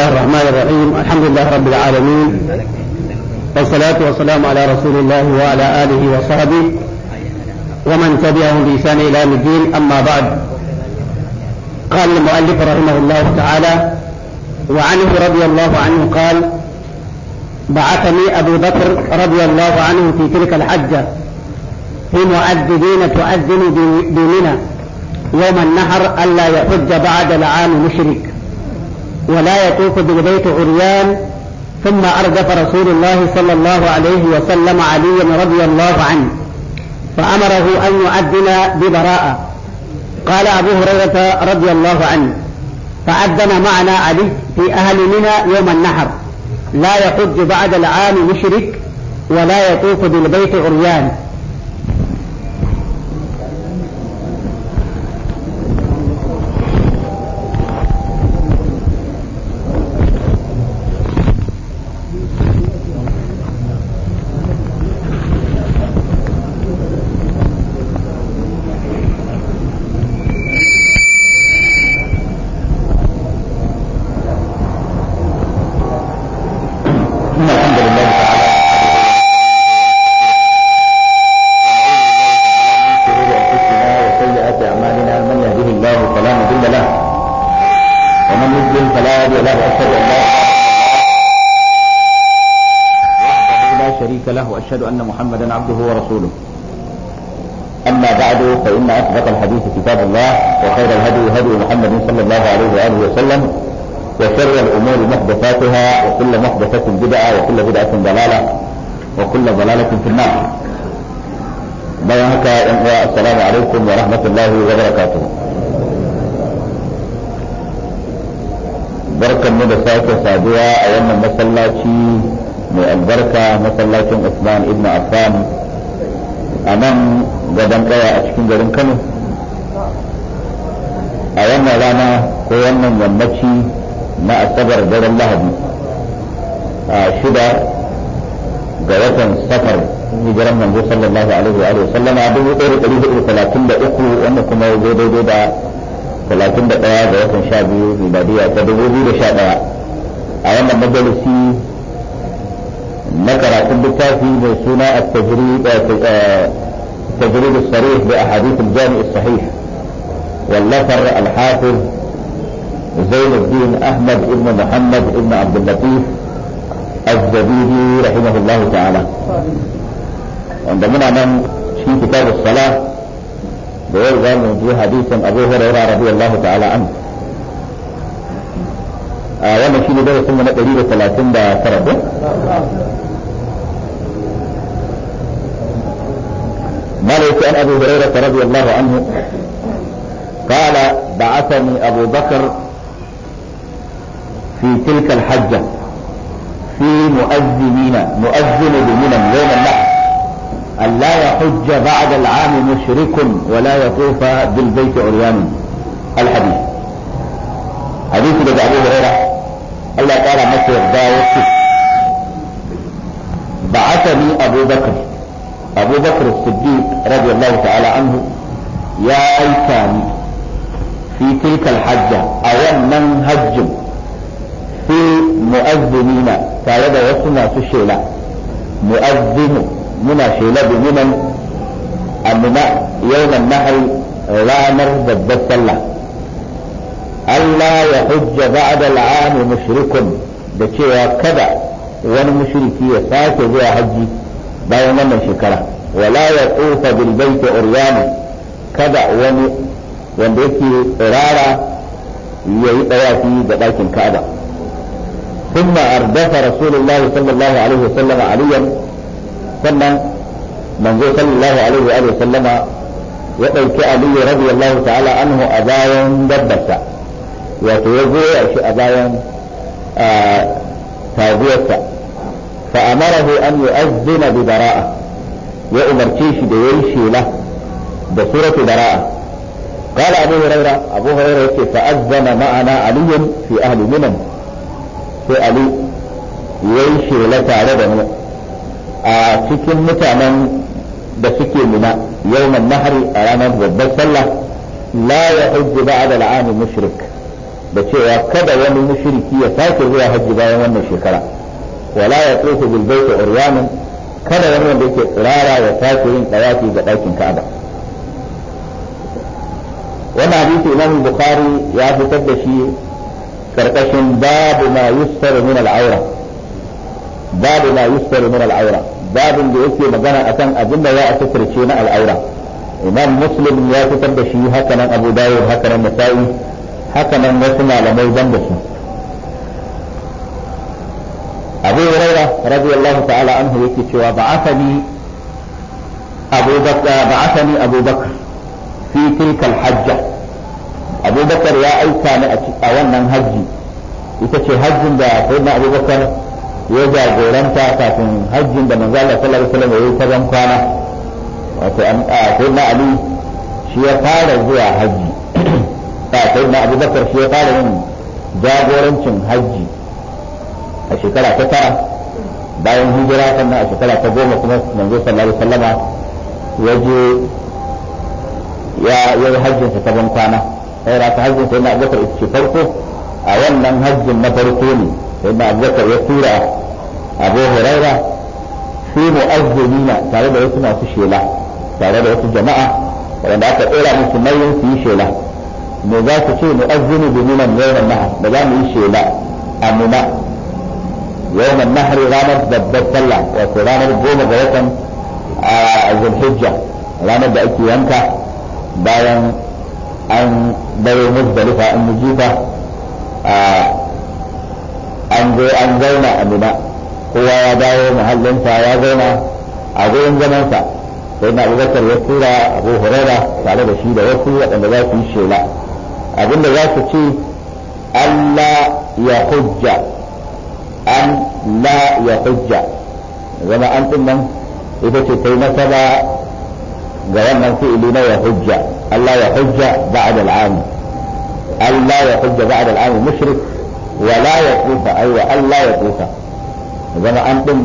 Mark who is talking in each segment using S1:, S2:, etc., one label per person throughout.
S1: الله الرحمن الرحيم الحمد لله رب العالمين والصلاة والسلام على رسول الله وعلى آله وصحبه ومن تبعهم بإحسان إلى يوم الدين أما بعد قال المؤلف رحمه الله تعالى وعنه رضي الله عنه قال بعثني أبو بكر رضي الله عنه في تلك الحجة في مؤذنين تؤذن بمنى يوم النحر ألا يحج بعد العام مشرك ولا يطوف بالبيت عريان ثم أردف رسول الله صلى الله عليه وسلم عليا رضي الله عنه فأمره أن يؤذن ببراءة قال أبو هريرة رضي الله عنه فأذن معنا علي في أهل منى يوم النحر لا يحج بعد العام مشرك ولا يطوف بالبيت عريان
S2: واشهد ان محمدا عبده ورسوله اما بعد فان اصدق الحديث كتاب الله وخير الهدي هدي محمد صلى الله عليه واله وسلم وشر الامور محدثاتها وكل محدثه بدعه وكل بدعه ضلاله وكل ضلاله في النار بارك السلام عليكم ورحمه الله وبركاته wa rahmatullahi wa barakatuh barkan mu da sake saduwa a wannan masallaci mai albarka masallacin Usman ibn Affan a nan gaban kaya a cikin garin Kano a wannan rana ko wannan yammaci na asabar daren lahadi a shida ga watan safar hijiran manzo sallallahu alaihi wa sallam a dubu ɗaya da ɗari hudu talatin da uku wanda kuma ya zo daidai da talatin da ɗaya ga watan sha biyu miladiya ta dubu biyu da sha ɗaya a wannan majalisi نقرأ من بسنة التجريد آه، آه، التجريد الصريح بأحاديث الجامع الصحيح واللفر الحافظ زين الدين أحمد بن محمد بن عبد اللطيف الزبيدي رحمه الله تعالى عندما من في كتاب الصلاة بيرجع من حديث أبو هريرة رضي الله تعالى عنه a شيء ده ne darasin ثلاثين ده 139 ما عن أبي هريرة رضي الله عنه قال بعثني أبو بكر في تلك الحجة في مؤذنين مؤذن بمنى يوم النحر أن لا يحج بعد العام مشرك ولا يطوف بالبيت عريان الحديث حديث لدى أبو هريرة الله تعالى مصر يرضى بعثني أبو بكر أبو بكر الصديق رضي الله تعالى عنه يا أيتام في تلك الحجة أو من هج في مؤذنين فرد في الشيلة مؤذن من شيلة بمن أمنا يوم النهر لا مرد بالسلة ألا يحج بعد العام مشرك بشيء كذا ومشركي فاتوا بها حجي bayan wannan shekara wala ya tsofa bilbai ta uriyana kada wani wanda yake tsirara ya yi ɗayafi da ɗakin kaba sun ma ardafa sallallahu alaihi wasallama aliyan sannan manzo sallallahu alaihi wasallama ya ɗauki aliyu radiyallahu ta'ala anhu a bayan dabbarsa wato ya goya shi a bayan ah, taguwarsa uh, فأمره أن يؤذن ببراءة يؤمر كيش ديشي له بصورة براءة قال أبو هريرة أبو هريرة فأذن معنا علي في أهل منن في علي ويشي لك على بني أتكن آه، متعنا بسكي منا يوم النهر أرانا ببس الله لا يحج بعد العام المشرك بشيء كذا يوم المشركية فاكر هو حج بعد يوم الشكرة wala ya tsofa bil baiti uryanan kada wani wanda yake tsirara ya tashi yin dawaki ga dakin Ka'aba wannan hadisi Imam Bukhari ya fitar da shi karkashin babu ma yustaru min al-awra babu ma yustaru min al-awra babin da yake magana akan abin da ya a na al'aura imam muslim ya fitar da shi hakanan abu dawud hakanan nasa'i hakanan wasu malamai ban da su abu huraira radiyallahu ta'ala anhu yake cewa ba'athani abu bakar ba'athani abu bakar fi hajja abu ya aika ni a wannan hajji ita ce hajjin da sayyidina abu bakar ya jagoranta kafin hajjin da manzo Allah sallallahu alaihi wasallam ya yi ta ban kwana wato an shi ya fara zuwa hajji shi ya fara yin jagorancin hajji a shekara ta tara bayan hijira sannan a shekara ta goma kuma manzo sallallahu alaihi wasallama ya je ya yi hajjinsa ta ban kwana saboda ta hajjinsa yana abubakar ita ce farko a wannan hajjin na farko ne yana abubakar ya tura abu huraira su mu'azzimina tare da wasu masu shela tare da wasu jama'a wanda aka tsira musu nauyin su yi shela me za su ce mu bi minan yawman naha da za mu yi shela amina يوم النحر رانا ببت صلى وقرانا الجوم غيثا ذو الحجة رانا بأيك ينكا باين أن بيو مزدلفة أن نجيبة an zo an zauna a mina kowa ya dawo muhallinsa ya zauna a gurin zamansa sai na abubakar ya tura abu hurara tare da shi da wasu waɗanda za su yi shela abinda za su ce allah ya hujja an la ya hujja zama an din nan ita ce kai nasaba ga wannan fi'ili na ya hujja Allah ya hujja ba'd al'am Allah ya hujja ba'd al'am mushrik wa la ya kufa aiwa Allah ya kufa zama an din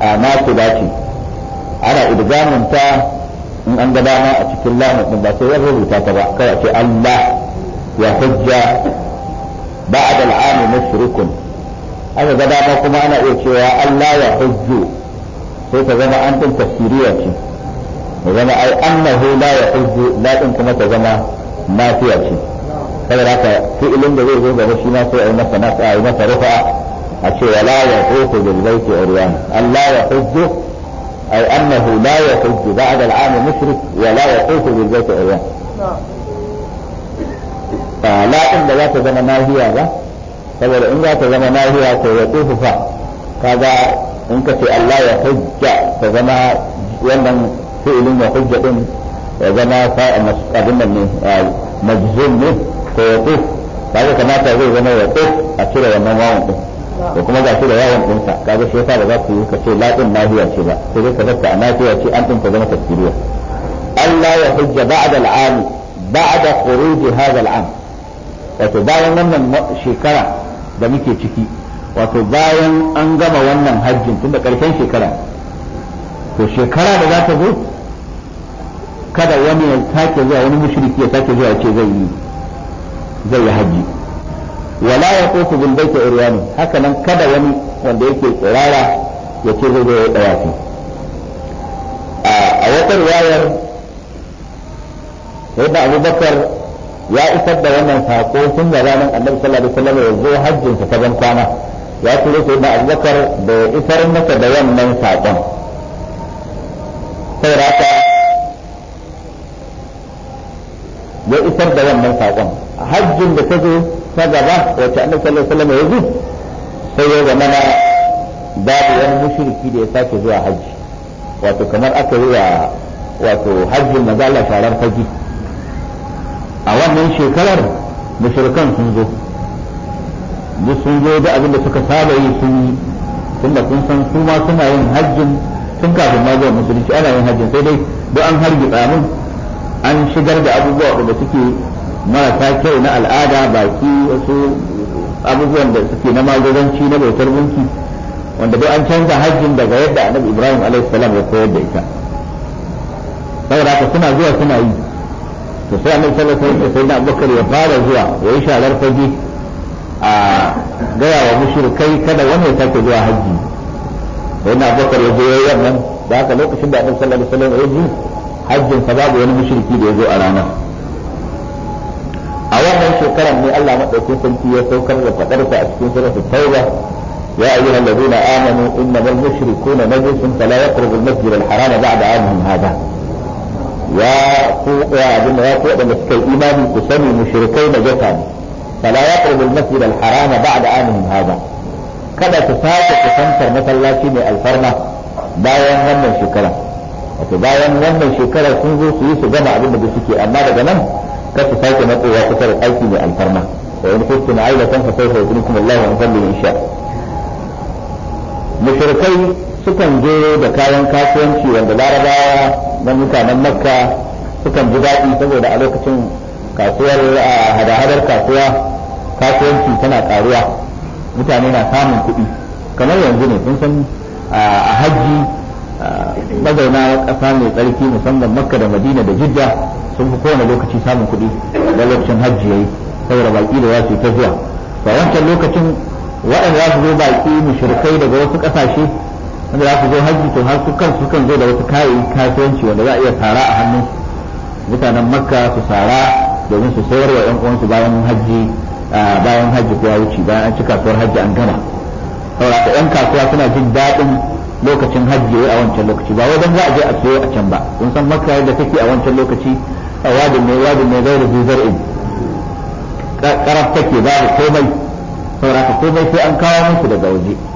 S2: a nasu dace ana idgamin ta in an gabana a cikin lamun din ba sai ya rubuta ta ba kawai ce Allah ya hujja ba'd al'am mushrikun aka ga dama kuma ana iya cewa Allah ya hujju sai ta zama an tun tafsiriya ce ta zama ai annahu la ya hujju la din kuma ta zama nafiya ce kada haka fi'ilin da zai zo gaba shi ma sai ai masa nasa ai masa rufa a ce wala ya hujju bil baiti uryan Allah ya hujju ai annahu la ya hujju ba'da al-'am mushrik wa la ya hujju bil baiti uryan la din da za ta zama nahiya ba saboda in za ta zama nahiya to ya tsufufa kaga in ka ce Allah ya hujja ta zama wannan fi'ilin ya hujja din ya zama abin nan ne majzum ne to ya tsuf kaga kamata zai zama ya tsuf a cire wannan wawan din ko kuma ga shi da yawon dinsa kaga shi yasa ba za ku yi ka ce latin nahiya ce ba sai dai ka zaka a nahiya ce an din ta zama tafsiriya Allah ya hujja ba'da al'am ba'da khuruj hadha al'am wato bayan wannan shekara da muke ciki wato bayan an gama wannan hajjin tun da ƙarshen shekara to shekara da za ta zo kada wani ya sake zuwa wani mushriki ya sake zuwa ce zai yi zai yi hajji wala ya kofu bil baiti iriyani haka nan kada wani wanda yake tsirara ya ce zai zo ya dawafi a wata riwayar yadda abubakar ya isar da wannan saƙo tun gabanin annabi sallallahu alaihi wasallam ya zo hajjin sa ban kwana ya tura sai da Abubakar da ya isar masa da wannan saƙon sai raka ya isar da wannan sakon hajjin da ta zo ta gaba wacce annabi sallallahu alaihi wasallam ya zo sai ya zama na babu wani mushriki da ya sake zuwa hajji wato kamar aka yi wa wato hajjin mazala sharar fagi a wannan shekarar mushrikan sun zo duk sun zo da abin suka saba yi sun yi da kun san su ma suna yin hajjin tun kafin ma zuwa musulunci ana yin hajjin sai dai duk an harbi tsamin an shigar da abubuwa da suke marasa kyau na al'ada baki wasu abubuwan da suke na magoganci na bautar gunki wanda duk an canza hajjin daga yadda annabi ibrahim alaihi salam ya koyar da ita saboda haka suna zuwa suna yi to sai annabi sallallahu alaihi wasallam sai Abubakar ya fara zuwa ya yi sharar fage a gaya wa mushrikai kada wani ya sake zuwa hajji sai na Abubakar ya zo yayin nan da haka lokacin da annabi sallallahu alaihi wasallam ya ji hajjin sa babu wani mushriki da ya zo a ranar a wannan shekarar ne Allah madaukakin sarki ya saukar da fadarsa a cikin suratul tauba يا أيها الذين آمنوا إنما المشركون نجس فلا يقربوا المسجد الحرام بعد عامهم هذا وابن ياكو ابن مسكي إمام كسني مشركي مجتان فلا يقرب المسجد الحرام بعد آن من هذا كما تساعد تسنتر مثل لا شيء الفرمة باين من شكرا باين من شكرا سنزو سيس جمع ابن مدسكي أما بعد من كما تساعد مطلع وكسر الأيك من الفرمة وإن كنت عائلة فسوف يدنكم الله وأنزل إن شاء مشركي sukan je da kayan kasuwanci wanda larabawa na mutanen makka sukan ji daɗi saboda a lokacin kasuwar hada-hadar kasuwa kasuwanci tana ƙaruwa mutane na samun kuɗi kamar yanzu ne sun san a hajji mazauna ƙasa mai tsarki musamman makka da madina da jidda sun fi kowane lokaci samun kuɗi da lokacin hajji yi saboda baƙi da wasu ta zuwa a wancan lokacin waɗanda za su zo baƙi mushrikai daga wasu ƙasashe wanda za ku zo hajji to har su kan zo da wasu kayan kasuwanci wanda za a iya tara a hannun mutanen makka su sara domin su sayar wa yan uwansu bayan hajji bayan hajji ko ya wuce bayan an ci kasuwar hajji an gama saboda ka yan kasuwa suna jin daɗin lokacin hajji a wancan lokaci ba wajen za a je a siyo a can ba kun san makka yadda take a wancan lokaci a wadin ne wadin ne zai rubu zar'in karaf take babu komai saboda ka komai sai an kawo musu daga waje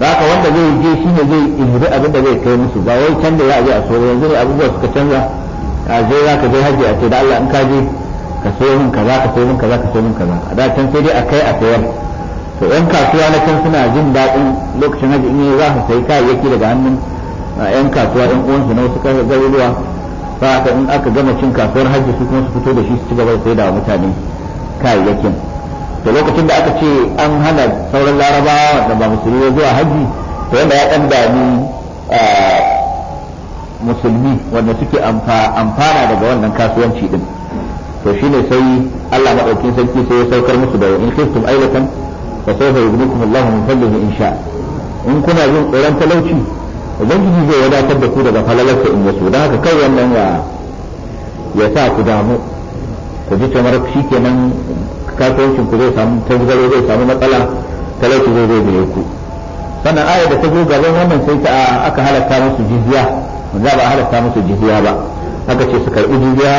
S2: haka wanda zai je shi ne zai imri abin da zai kai musu ba wai can da a je a soro yanzu ne abubuwa suka canza a je za ka je hajji a ce da Allah in ka je ka so min kaza ka so min kaza ka so min kaza a da can sai dai a kai a sayar to yan kasuwa na can suna jin daɗin lokacin hajji in za su sayi kayayyaki daga hannun yan kasuwa yan uwansu na wasu garuruwa ba haka in aka gama cin kasuwar hajji su kuma su fito da shi su ci gaba da sayar da mutane kayayyakin da lokacin da aka ce an hana sauran larabawa da ba musulmi zuwa hajji to yadda ya ɗan dami musulmi wanda suke amfana daga wannan kasuwanci din to shine sai Allah maɗaukin sarki sai ya saukar musu da in khiftum ailatan fa sawfa yughnikum Allahu min fadlihi in sha in kuna jin tsoron talauci ubangiji zai wadatar da ku daga falalarsa in yaso dan haka kai wannan ya ya sa ku damu ku ji kamar shi kenan kasuwancin ku zai samu tazgaro zai samu matsala talauci zai zai gare ku sannan ayar da ta zo gaban wannan sai ta aka halatta musu jizya za ba halatta musu jizya ba aka ce su karbi jizya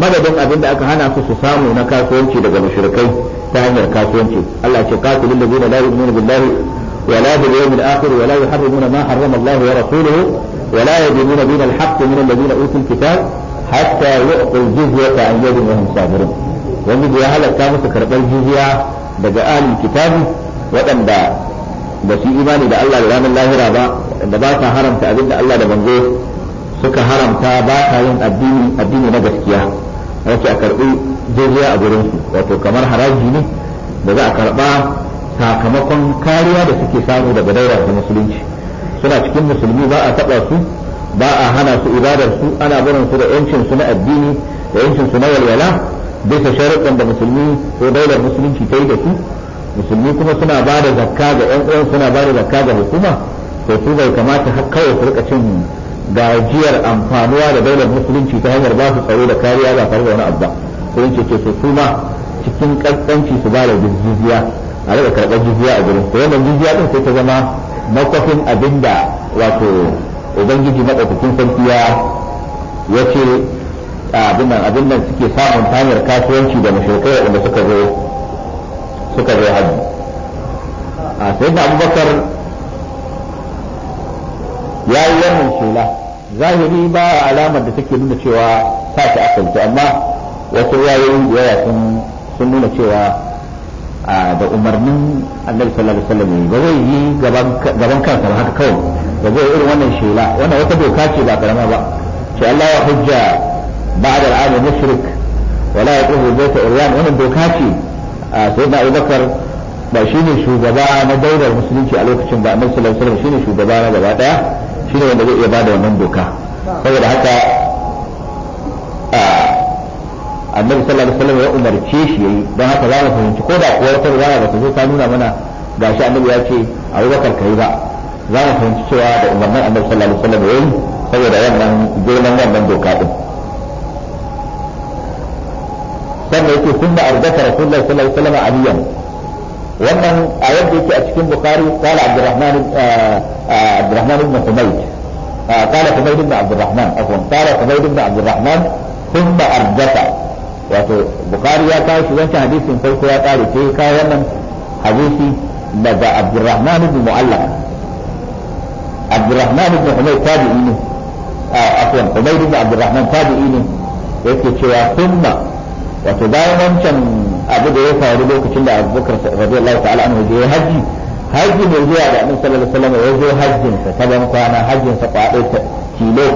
S2: madadin abin da aka hana su su samu na kasuwanci daga mushrikai ta hanyar kasuwanci Allah ce qatilul ladina la yu'minuna billahi ولا باليوم الآخر ولا يحرمون ما حرم الله ورسوله ولا يدينون دين الحق من الذين أوتوا الكتاب حتى يعطوا الجزية عن يد وهم صابرون wanda da ya halarta musu karɓar jizya daga ahlul kitabi waɗanda ba su imani da Allah da ranar lahira ba da ba sa haramta abinda Allah da bango suka haramta ba sa yin addini addini na gaskiya wace a karɓi jizya a gurin su wato kamar haraji ne da za a karɓa sakamakon kariya da suke samu daga daura da musulunci suna cikin musulmi ba a taɓa su ba a hana su ibadar su ana barin su da yancin su na addini da yancin su na walwala bisa sharuɗin da musulmi ko daular musulunci ta yi da su musulmi kuma suna ba da zakka ga yan uwan suna ba da zakka ga hukuma to su bai kamata har kawai su rika cin gajiyar amfanuwa da daular musulunci ta hanyar ba su tsaro da kariya ga tare da wani abu ba ko in ce su kuma cikin ƙanƙanci su ba da jizya a daga karɓar jizya a gurin to wannan jizya ɗin sai ta zama makwafin abinda wato ubangiji maɗaukakin sarki ya ce abin nan abin suke samun ta hanyar kasuwanci da mashirkai waɗanda suka zo suka zo hajji a sai da abubakar ya yi wannan shela zahiri ba alamar da take nuna cewa ta ta asalci amma wasu yayoyin da yawa sun nuna cewa da umarnin annabi sallallahu alaihi wasallam ba zai yi gaban kansa ba haka kawai ba zai irin wannan shela wannan wata doka ce ba karama ba ce Allah ya hujja بعد العام المشرك ولا يقوم البيت إريان ومن دوكاتي سيدنا أبو بكر ba shi ne shugaba na daular musulunci a lokacin ba annabi sallallahu alaihi wasallam shi ne shugaba na gaba daya shi ne wanda zai iya bada wannan doka saboda haka annabi sallallahu alaihi ya umarce shi yayi don haka za mu fahimci ko da kuwa wata rana ba ta zo ta nuna mana gashi annabi ya ce Abu Bakar kai ba za mu fahimci cewa da umarnin annabi sallallahu alaihi wasallam yayi saboda wannan girman wannan doka din sannan yake sunna arzaka rasulullahi sallallahu alaihi wasallam aliyan wannan a yadda yake a cikin bukhari qala abdurrahman eh, eh, abdurrahman ibn humayd eh, qala humayd ibn abdurrahman afwan qala humayd ibn abdurrahman sunna arzaka wato bukhari ya kawo shi wancan hadisin farko ya kare sai kawo wannan hadisi daga abdurrahman ibn mu'allaq abdurrahman ibn humayd tabi'i ne afwan humayd ibn abdurrahman tabi'i ne yake cewa sunna wato bayan wancan abu da ya faru lokacin da abubakar radiyallahu ta'ala anhu ya haji haji mai zuwa da annabi sallallahu alaihi wasallam ya zo hajjin sa taban kwana hajjin sa ta kilo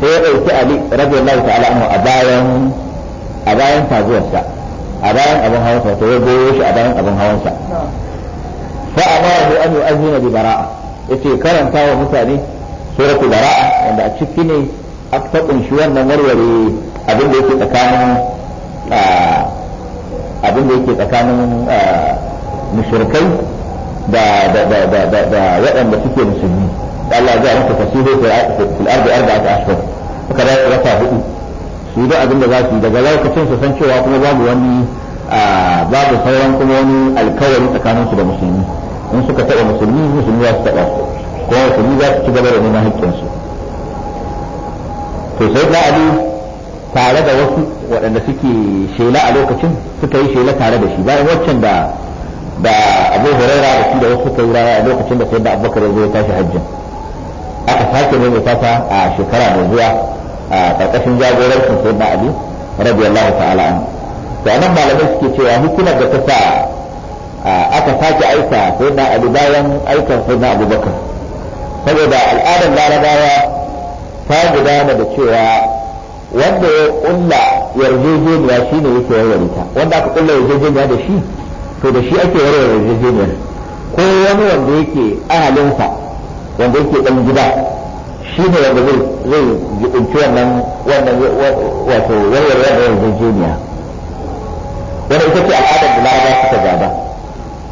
S2: sai ya dauki ali radiyallahu ta'ala anhu a bayan a bayan taguwarsa a bayan abin hawansa wato ya goyo shi a bayan abin hawansa fa amara an yu'azzina bi bara'a yace karanta wa mutane suratul bara'a wanda a ciki ne aka kunshi wannan warware abin da yake tsakanin abin da yake tsakanin mushrikai da waɗanda suke musulmi Allah ya maka a fil ardi arba'at ashhur suka da rafa hudu su da abin da za su daga lokacin su san cewa kuma babu wani babu sauran kuma wani alkawari tsakanin su da musulmi in suka taɓa musulmi musulmi za su taɓa su kuma musulmi za su ci gaba da neman haƙƙinsu to sai da bi. tare da wasu waɗanda suke shela a lokacin suka yi shela tare da shi bayan waccan da da abu huraira da shi da wasu suka yi raya a lokacin da sai da abubakar ya tashi hajjin aka sake mai tata a shekara mai zuwa a ƙarƙashin sun sai da ali radiyallahu ta'ala an to anan malamai suke cewa hikimar da ta sa aka sake aika sai da ali bayan aikan sai da abubakar saboda al'adar larabawa ta gudana da cewa wanda ya kulla yarjejeniya shi ne yake warware ta wanda aka kulla yarjejeniya da shi to da shi ake warware yarjejeniyar ko wani wanda yake ahalinsa wanda yake dan gida shi ne wanda zai zai jibinci wannan wannan wato warware da yarjejeniya wanda ita ce al'adar da laraba suka gada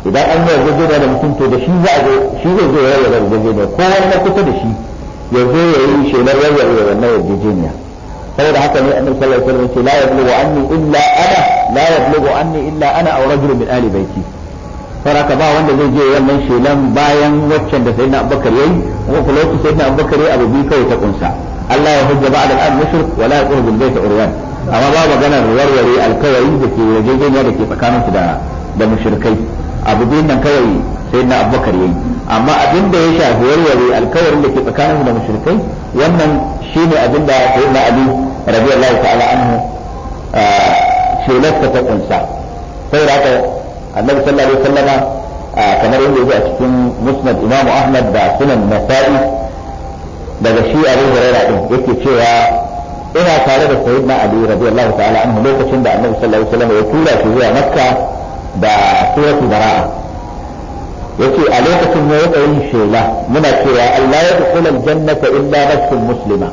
S2: idan an yi yarjejeniya da mutum to da shi za a zo shi zai zo warware yarjejeniya ko wani na kusa da shi ya zo ya yi shelar warware wannan yarjejeniya saboda haka ne annabi sallallahu alaihi wasallam ce la yablughu anni illa ana la yablughu anni illa ana aw rajulun min ali baiti saboda ba wanda zai je wannan shelan bayan waccan da sayyidina abubakar yayi kuma kula yake sayyidina abubakar yayi abu biyu kawai ta kunsa Allah ya hujja ba'da al-an mushrik wa la yaqrabu al-bayta amma ba maganar warware alkawari da ke yarjejeniya da ke tsakaninsu da da mushrikai nan kawai sai na abubakar yayi amma abin da ya shafi warware alkawarin da ke tsakaninsu da wannan shine abin da sai na ali radiyallahu ta'ala anhu shularsa ta kunsa sai da haka annabi sallallahu alaihi kamar yadda yake a cikin musnad imam ahmad da sunan nasa'i daga shi abu hurairah din yake cewa ina tare da sayyidina ali radiyallahu ta'ala anhu lokacin da annabi sallallahu alaihi wasallam ya tura shi zuwa makka da suratu bara'a yace a lokacin ne ya yin shela muna cewa Allah ya dukula aljannata illa nafsun muslima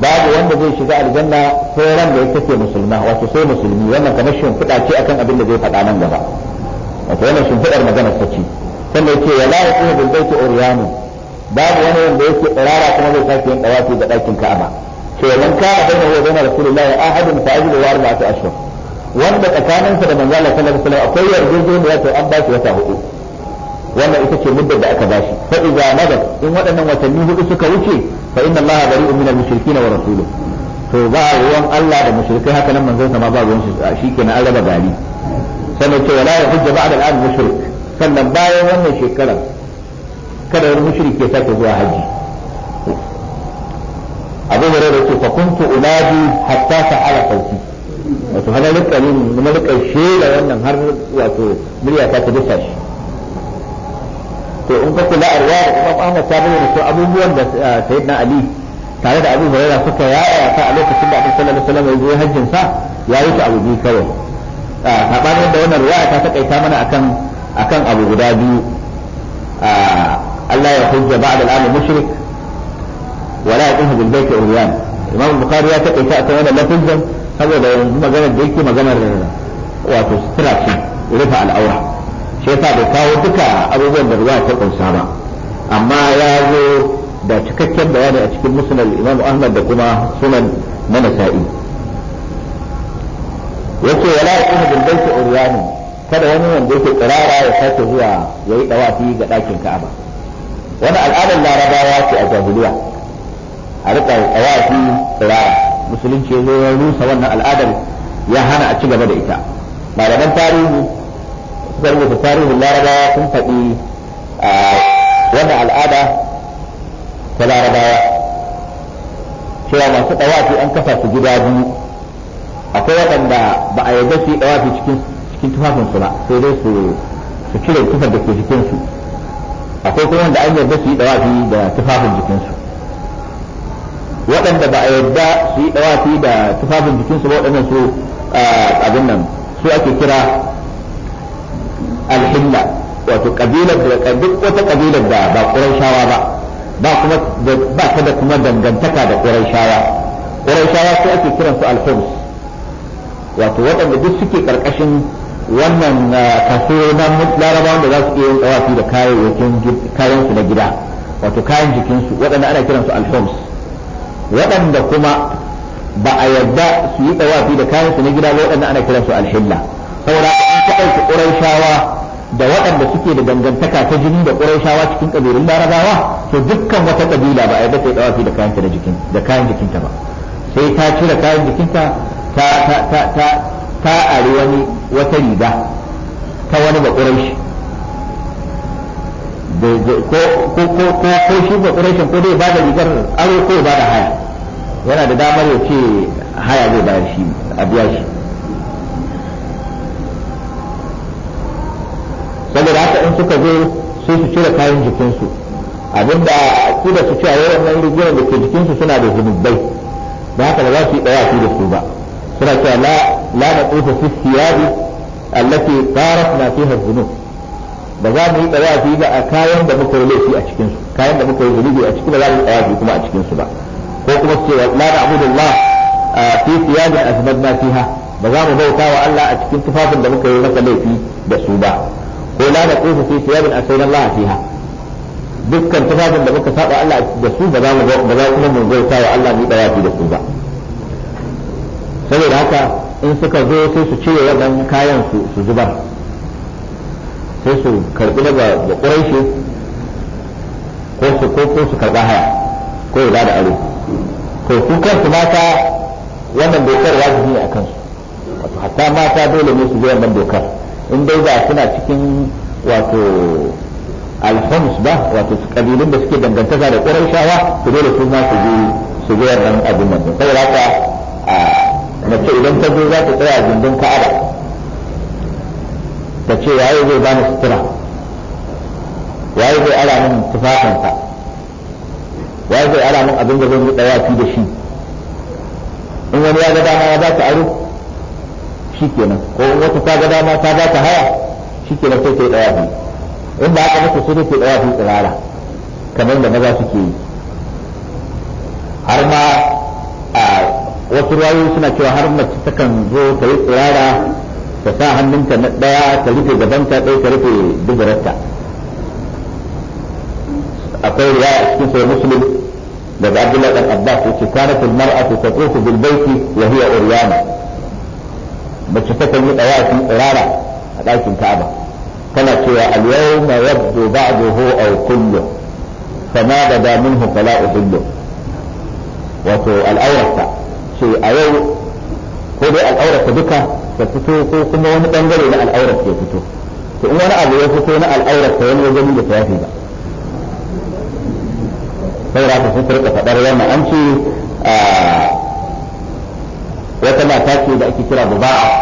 S2: babu wanda zai shiga aljanna sai ran da ya kace musulma wato sai musulmi wannan kamar shimfiɗa ce akan abin da zai faɗa nan gaba wato wannan shimfiɗar maganar ta ce sanda yake wala yaquhu bil baiti uryanu babu wani wanda yake tsirara kuma zai sake yin dawafi ga ɗakin Ka'aba to man kana baina huwa na rasulillahi ahadun fa ajlu wa arba'atu ashhur wanda tsakaninsa da manzo Allah sallallahu alaihi wasallam akwai yarjejeniya to an ba shi wata hudu wannan ita ce muddar da aka bashi fa idza madat in waɗannan watanni hudu suka wuce fa inna allaha bari'un minal mushrikeena wa rasuluhu to ba ruwan Allah da mushrikai haka nan manzon sama ba ruwan shi kenan an raba gari sannan ce wala ya hujja ba'da al'ad mushrik sannan bayan wannan shekarar kada wani mushrik ya sake zuwa haji abu hurairah ce fa kuntu unadi hatta ta'ala sauti wato hada rikali mun rika shela wannan har wato murya ta ta dusa shi to in ka kula a riwaya da Imam Ahmad ta bayyana su abubuwan da ah, Sayyidina Ali tare da Abu Hurairah suka yaya ta a lokacin da Annabi sallallahu alaihi wasallam ya zo hajjin sa ya yi ta abu biyu kawai ah, sabanin da wannan riwaya ta takaita mana akan akan abu guda biyu ah, Allah ya hujja ba'da al-amal mushrik ولا يقوم بالبيت عريان imam البخاري ya takaita akan wannan lafazin saboda yanzu maganar da yake maganar wato sutura ce rufe al'aura shi yasa bai kawo duka abubuwan da ruwa ta kunsa ba amma ya zo da cikakken bayani a cikin musulman imam ahmad da kuma sunan na nasa'i yace wala yakunu bil baiti uryani kada wani wanda yake tsirara ya sake zuwa yayi dawafi ga dakin ka'aba wani al'adar larabawa ce a jahiliya a rika dawafi tsirara musulunci ya zo ya rusa wannan al'adar ya hana a ci gaba da ita malaman tarihi suka rubuta tarihin larabawa sun faɗi wannan al'ada ta larabawa cewa masu ɗawafi an kafa su gida biyu akwai waɗanda ba a yarda su yi ɗawafi cikin tufafinsu ba sai dai su cire tufar da ke jikinsu akwai kuma wanda an yarda su yi dawafi da tufafin jikinsu waɗanda ba a yarda su yi dawafi da tufafin jikinsu ba waɗannan su abin nan su ake kira alhilla wato kabilar da duk wata kabilar da ba quraishawa ba ba kuma ba ta da kuma dangantaka da quraishawa quraishawa sai ake kiran su al-khums wato waɗanda duk suke karkashin wannan ah, kaso na larabawan da za su iya yin tsawafi da kayayyakin kayansu na gida wato kayan jikinsu waɗanda ana kiransu al waɗanda kuma ba a yarda su yi tsawafi da kayansu na gida ba waɗanda ana kiransu al saboda in ka ɗauki ƙurayshawa da waɗanda suke da dangantaka ta jini da ƙurayshawa cikin ƙabilun larabawa to dukkan wata ƙabila ba a yadda sai da kayan da jikin da kayan jikinta ba sai ta cire kayan jikinta ta ta ta ta ta ari wani wata riga ta wani ba ƙurayshi ko ko ko ko shi ba ƙurayshin ko dai ba da rigar aro ko ba da haya yana da damar ya ce haya zai bayar shi a biya shi saboda haka in suka zo su su cire kayan jikinsu abinda su da su cewa wannan rigiyar da ke jikinsu suna da zunubai da haka ba za su yi ɗaya dawafi da su ba suna cewa la la na tsufa fi siyabi allati qarafna fiha zunub ba za mu yi ɗaya dawafi ba a kayan da muka yi laifi a cikinsu kayan da muka yi zunubi a cikin ba za mu yi ɗaya dawafi kuma a cikinsu ba ko kuma su ce la na'budu Allah fi siyabin azmadna ha ba za mu bauta wa Allah a cikin tufafin da muka yi masa laifi da su ba ko la na kufu fi thiyabin asayna Allah fiha dukkan tufafin da muka saba Allah da su ba za mu ba za kuma mu bauta wa Allah ni dawafi da su ba saboda haka in suka zo sai su cire wannan kayan su su zubar sai su karbi daga da quraishi ko su ko ko su karba haya ko ya da aro ko su kansu mata wannan dokar wajibi ne akan su wato hatta mata dole ne su bi wannan dokar in dai ba suna cikin wato alhams ba wato kabilun da suke dangantaka da shawa su dole su ma su zo su zo wannan abin nan saboda haka mace idan ta zo za ta tsaya gindin ka'aba ta ce yayi zai ba ni sutura yayi zai ara min tufafinsa yayi zai ara min abin da zan yi dawafi da shi in wani ya ga dama ya ba ta aro shikenan ko wata ta ga dama ta ba ta haya shikenan sai ta yi dawafi inda ba haka mata sai ta yi dawafi tsirara kamar da maza suke yi har ma a wasu rayu suna cewa har mace kan zo ta yi tsirara ta sa hannunta na ɗaya ta rufe gaban gabanta ɗaya ta rufe dubararta akwai riya a cikin sai musulun daga abdullahi dan abbas yace kanat al mar'atu taqufu bil bayti wa hiya uryana mace ta kan yi dawafi tsirara a ɗakin Ka'aba tana cewa al-yawma yabdu ba'dahu aw kullu da damin hukala a udillu wato al'aurata ce a yau ko dai al'aurata duka ta fito ko kuma wani bangare na al'aurata ya fito to in wani abu ya fito na al'aurata wani wajen da ta yafi ba saboda haka sun rika faɗar wannan an ce ah, wata mata ce da ake kira buba'a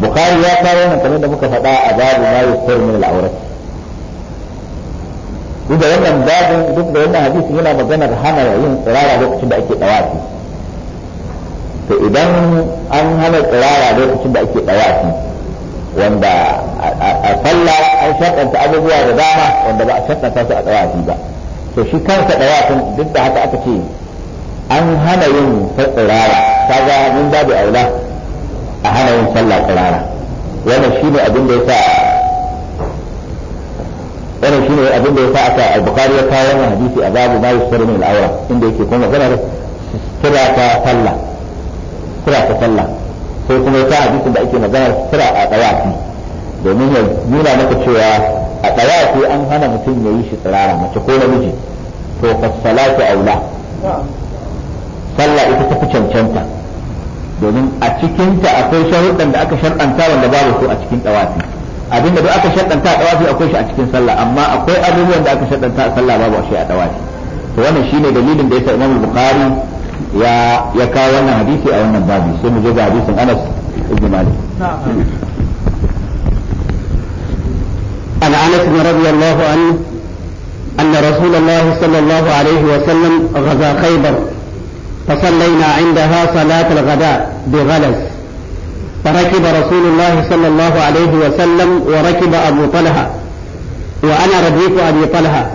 S2: bukhari ya kawo wannan kamar da muka faɗa a babu ma yusfar min al-awrat duk da wannan babin duk da wannan hadisi yana maganar hana yin tsirara lokacin da ake dawafi to idan an hana tsirara lokacin da ake dawafi wanda a falla an shakanta abubuwa da dama wanda ba a shakanta su a dawafi ba to shi kansa dawafin duk da haka aka ce an hana yin tsirara kaga mun babu aula a hana yin sallah ƙirara wannan shi ne abin da ya sa wannan shi ne abin da ya sa aka al-bukhari ya kawo wannan hadisi a babu ma yusfaru min al-awra inda yake kuma magana da kira ta sallah sira ta sallah sai kuma ya sa hadisin da ake magana sira a tsawafi domin ya nuna maka cewa a tsawafi an hana mutum ya yi shi tsirara mace ko namiji to fa salatu aula sallah ita ta fi cancanta domin a cikinta akwai sharuɗan da aka sharɗanta wanda babu su a cikin tawafi da duk aka sharɗanta a tawafi akwai shi a cikin sallah amma akwai abubuwan da aka sharɗanta a sallah babu shi a tawafi to wannan shine dalilin da yasa Imam Bukhari ya ya kawo wannan hadisi a wannan babu sai mu je ga hadisin Anas ibn Malik
S1: عن انس بن رضي الله عنه ان رسول الله صلى الله عليه وسلم غزا خيبر فصلينا عندها صلاة الغداء بغلس فركب رسول الله صلى الله عليه وسلم وركب أبو طلحة وأنا رديت أبي طلحة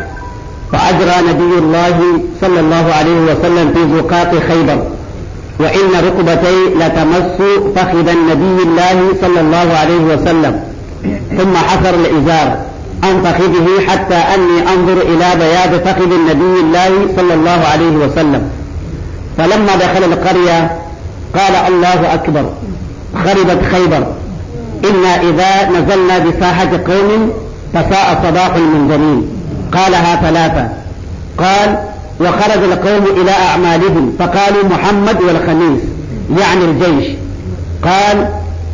S1: فأجرى نبي الله صلى الله عليه وسلم في زقاق خيبر وإن ركبتي لتمس فخذ النبي الله صلى الله عليه وسلم ثم حفر الإزار عن فخذه حتى أني أنظر إلى بياض فخذ النبي الله صلى الله عليه وسلم فلما دخل القرية قال الله أكبر خربت خيبر إنا إذا نزلنا بساحة قوم فساء صباح المنذرين قالها ثلاثة قال وخرج القوم إلى أعمالهم فقالوا محمد والخميس يعني الجيش قال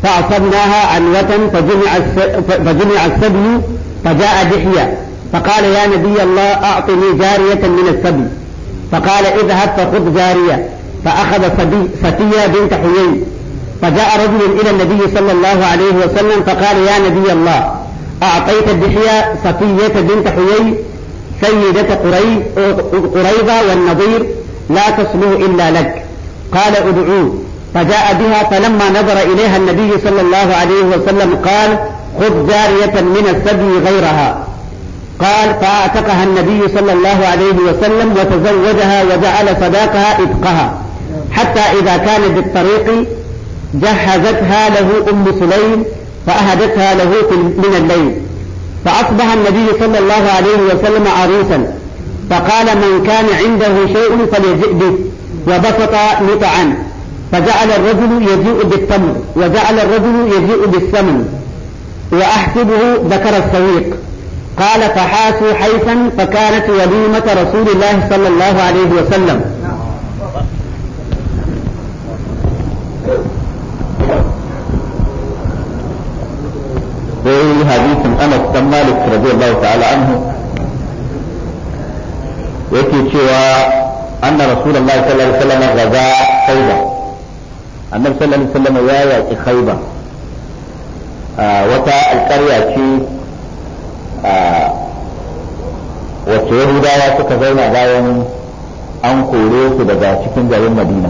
S1: فأصبناها عنوة فجمع فجمع السبي فجاء دحية فقال يا نبي الله أعطني جارية من السبي فقال اذهب فخذ جارية فأخذ صفية بنت حيي فجاء رجل إلى النبي صلى الله عليه وسلم فقال يا نبي الله أعطيت الدحية صفية بنت حيي سيدة قريضة والنظير لا تصلو إلا لك قال ادعوه فجاء بها فلما نظر إليها النبي صلى الله عليه وسلم قال خذ جارية من السبي غيرها قال فاعتقها النبي صلى الله عليه وسلم وتزوجها وجعل صداقها إبقها حتى إذا كان بالطريق جهزتها له أم سليم فأهدتها له من الليل فأصبح النبي صلى الله عليه وسلم عروسا فقال من كان عنده شيء فليجئ به وبسط متعا فجعل الرجل يجيء بالتمر وجعل الرجل يجيء بالسمن وأحسبه ذكر السويق قال فحاسوا حيثا فكانت وليمة رسول الله صلى الله عليه وسلم
S2: Anas dan Malik radiyallahu ta'ala anhu yake cewa anna Rasulullah الله alaihi wasallam gaza Khaybar annabi sallallahu alaihi wasallam ya yaki Khaybar ah, wata alƙarya ce ah, wacce Yahudawa suka zauna bayan an kore su daga cikin garin Madina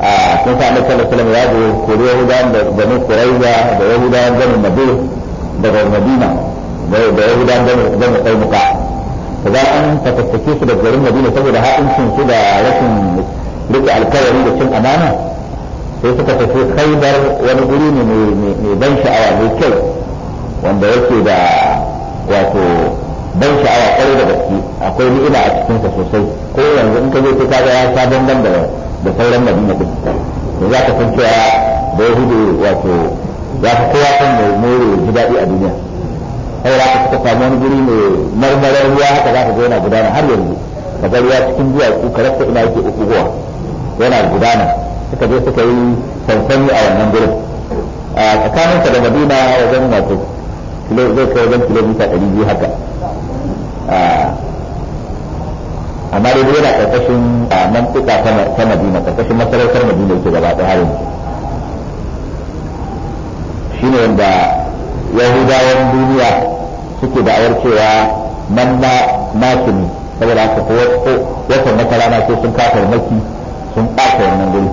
S2: a ah, kun sa annabi sallallahu alaihi wasallam ya kore da Bani Quraiza da Yahudawan zanin Madina daga madina da ya guda da mu kai muka da an fatattake su da garin madina saboda haɗin su da rashin rike alkawari da cin amana sai suka tafi bar wani guri ne mai ban sha'awa mai kyau wanda yake da wato ban sha'awa kwarai da gaske akwai ni'ima a cikinsa sosai ko yanzu in ka je ka ga ya sha bamban da sauran madina din za ka san cewa da wato ya fi kowa kan mai more ji daɗi a duniya sai za ka suka samu wani guri mai marmarar ruwa haka za ka ga yana gudana har yanzu ka ga ruwa cikin duwatsu ka rasa ina yake ukuwa yana gudana suka je suka yi sansani a wannan gurin a tsakaninsa da madina wajen wato zai kai wajen kilomita ɗari biyu haka amma dai yana ƙarƙashin nan mantuka ta madina ƙarƙashin masarautar madina yake gaba ɗaya har yanzu shine wanda yahudawan duniya suke da'awar cewa man na masu ne saboda haka ko wata makara na sai sun kafar maki sun kafa wannan guri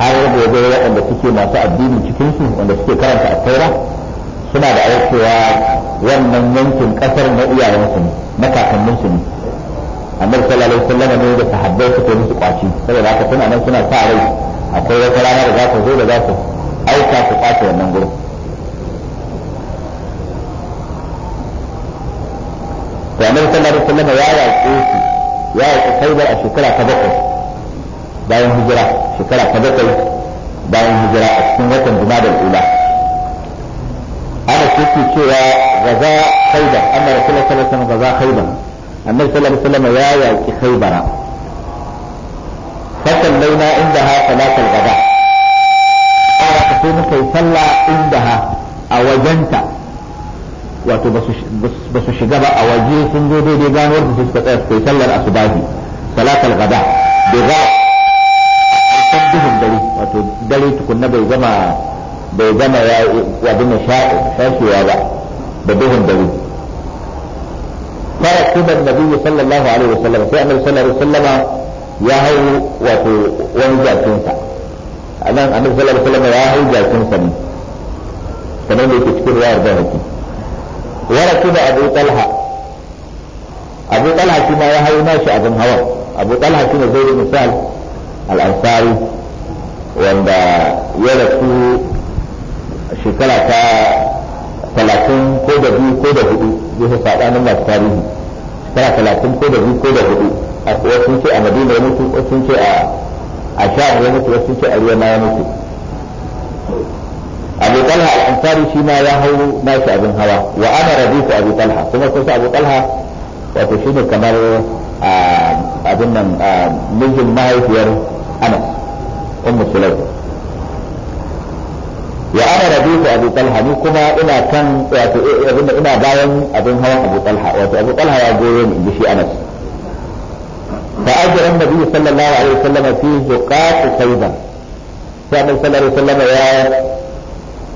S2: har zai waɗanda suke masu addinin cikinsu wanda suke karanta a taura suna da cewa wannan yankin ƙasar na iyayensu ne na kakanninsu ne annabi sallallahu alaihi wasallam ne da sahabbai suke musu kwaci saboda haka tunanin nan suna sa rai akwai wata rana da za ta zo da za ta aika ku ɓata wannan gurin to annabi sallallahu alaihi wasallam ya yaƙi su ya yaƙe khaybar a shekara ta bakwai bayan hijira shekara ta bakwai bayan hijira a cikin watan jumadal ula ana shi cewa gaza khaybar annabi sallallahu alaihi wasallam gaza khaybar annabi sallallahu alaihi wasallam ya yaƙi khaybara inda indaha salatal ghada Allah indaha a wajenta wato ba su shiga ba a waje sun zo daidai ganuwar da suka tsaya su sallar asubahi salatul gada da za a duhun dare wato dare tukunna bai gama bai gama ya wadin sha'i shashiya ba da duhun dare فركب النبي صلى الله عليه وسلم في النبي صلى الله عليه وسلم يهو anan nan annabi sallallahu alaihi ya hau jakin sa ne kamar da yake cikin riwayar bayhaqi waratu da abu talha abu talha shi ma ya hau nashi abin hawa abu talha shi ne zai misal al-ansari wanda ya rasu shekara ta talatin ko da biyu ko da hudu bisa saɓanin masu tarihi shekara talatin ko da biyu ko da hudu wasu ce a madina ya mutu ce a a sha ya mutu wasu ce a riya ma ya mutu abu talha al-ansari shi ma ya hau nashi abin hawa wa ana rabitu abu talha kuma kusa abu talha wato shine kamar abin nan mijin mahaifiyar anas ummu sulaim wa ana rabitu abu talha ni kuma ina kan wato ina bayan abin hawan abu talha wato abu talha ya goyo ni shi anas فأجر النبي صلى الله عليه وسلم في زقاق سيدا فأنا صلى الله عليه وسلم يا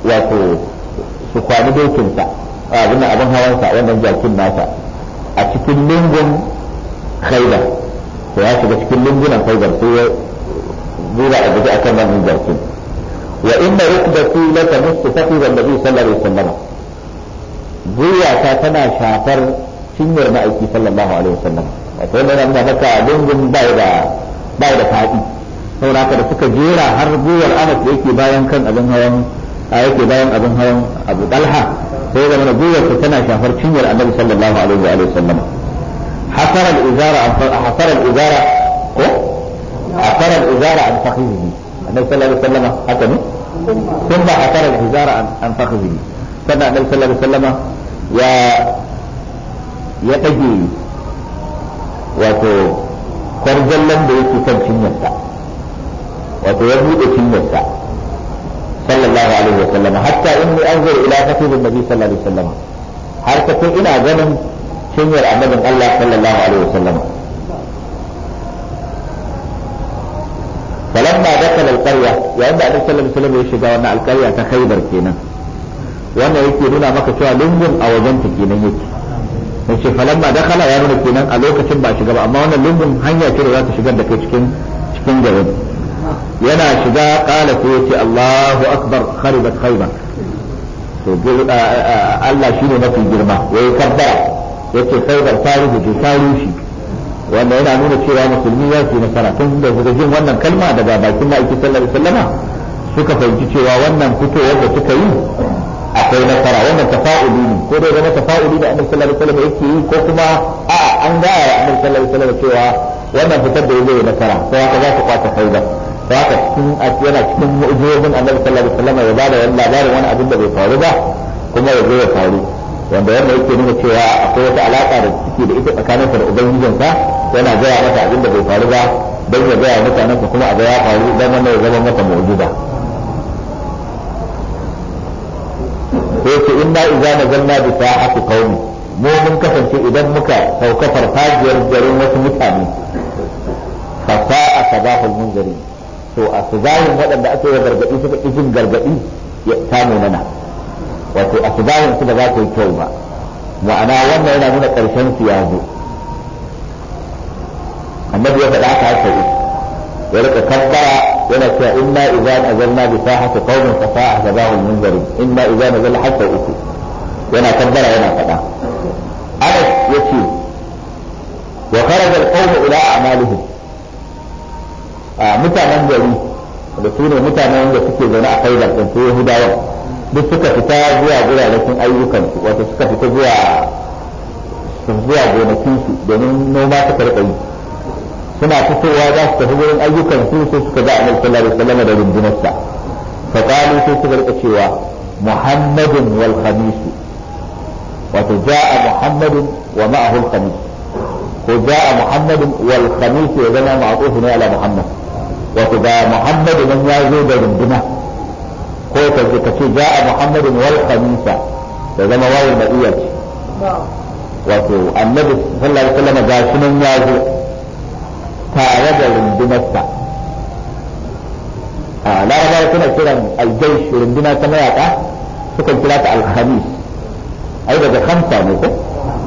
S2: واتو سكوان دوكنسا abin abin hawansa wannan jakin nasa a cikin lungun khaibar to ya shiga cikin lungunan khaibar sai ya zura a guji akan wannan jakin wa inna rukbati laka mustaqi wal nabi sallallahu alaihi wasallam gwiwa ta tana shafar cinyar ma'aiki alaihi akwai da nan da maka lungun bai da bai da fadi saboda haka da suka jera har gwiwar Anas yake bayan kan abin hawan a yake bayan abin hawan Abu Talha sai da mana gwiwar ta tana shafar cinyar Annabi sallallahu alaihi wa sallam حفر الإزارة حفر الإزارة حفر الإزارة عن فخذه النبي صلى sannan annabi sallallahu alaihi ya ya dage wato kwarjallan da yake kan cinyarsa wato ya buɗe cinyarsa sallallahu alaihi wa sallam hatta inni anzur ila khatibin nabi sallallahu alaihi wa sallam har ta kai ina ganin cinyar annabin Allah sallallahu alaihi wa sallam falamma dakala alqarya yayin da annabi sallallahu alaihi wa ya shiga wannan alqarya ta Khaibar kenan wannan yake nuna maka cewa lungun a wajen ta kenan yake yace falan ba dakala ya nuna kenan a lokacin ba shiga ba amma wannan lungun hanya ce da za ta shigar da kai cikin cikin yana shiga kala ko yace Allahu akbar kharibat khaybar to Allah shine mafi girma yayi kabbara yace khaybar tarihi ke tarihi wanda yana nuna cewa musulmi ya ce nasara tun da suka jin wannan kalma daga bakin ma'aiki sallallahu alaihi wasallama suka fahimci cewa wannan fitowar da suka yi akwai nasara wannan tafa'uli ko dai zama tafa'uli da annabi sallallahu alaihi wasallam yake yi ko kuma a an gaya wa annabi sallallahu alaihi wasallam cewa wannan fitar da yake na kara sai aka za ta kwata faida sai haka cikin yana cikin mu'jizin annabi sallallahu alaihi wasallam ya bada wannan labarin wani abin da bai faru ba kuma ya zo ya faru wanda wannan yake nuna cewa akwai wata alaka da take da ita tsakaninsa da ubangijin sa yana gaya mata abin da bai faru ba don ya gaya mutanensa kuma a ga ya faru dan wannan ya zama mata mu'jiza sai ce inna zanna da ta sa'ati qaumi mu mun kasance idan muka sauka farfajiyar garin wasu mutane fa sa'a sabahul munzari to a suzahin waɗanda ake yi gargadi suka izin gargadi ya samu nana wato a suzahin su ba za ta yi kyau ba ma'ana wannan yana nuna ƙarshen su ya zo annabi ya faɗa haka haka ya rika kabbara yana cewa inna idza nazalna bi sahati qaumin fa sa'a sabahu munzari inna idza nazalna hatta uku yana kabbara yana fada Anas yace wa kharaja al-qawm ila a'malihim mutanen gari da su ne mutanen da suke zaune a kaidar ɗin su yahudawan duk suka fita zuwa guraren ayyukansu wato suka fita zuwa zuwa gonakinsu domin noma suka rika suna fitowa za su tafi wurin ayyukan su sai suka ga annabi sallallahu alaihi wasallam da rundunarsa fa qalu sai suka rika cewa muhammadun wal khamis wato jaa muhammadun wa ma'ahu al khamis ko jaa muhammadun wal khamis ya zama ma'tuf ne ala muhammad wato ga muhammadun nan ya zo da runduna ko ta ce ka ce jaa muhammadun wal khamisa da zama wawul madiyya ce wato annabi sallallahu alaihi wasallam ga shi nan ya zo tare da rundunarsa a larabawa suna kiran aljaish runduna ta mayaka sukan kira ta alhamis ai daga khamsa ne ko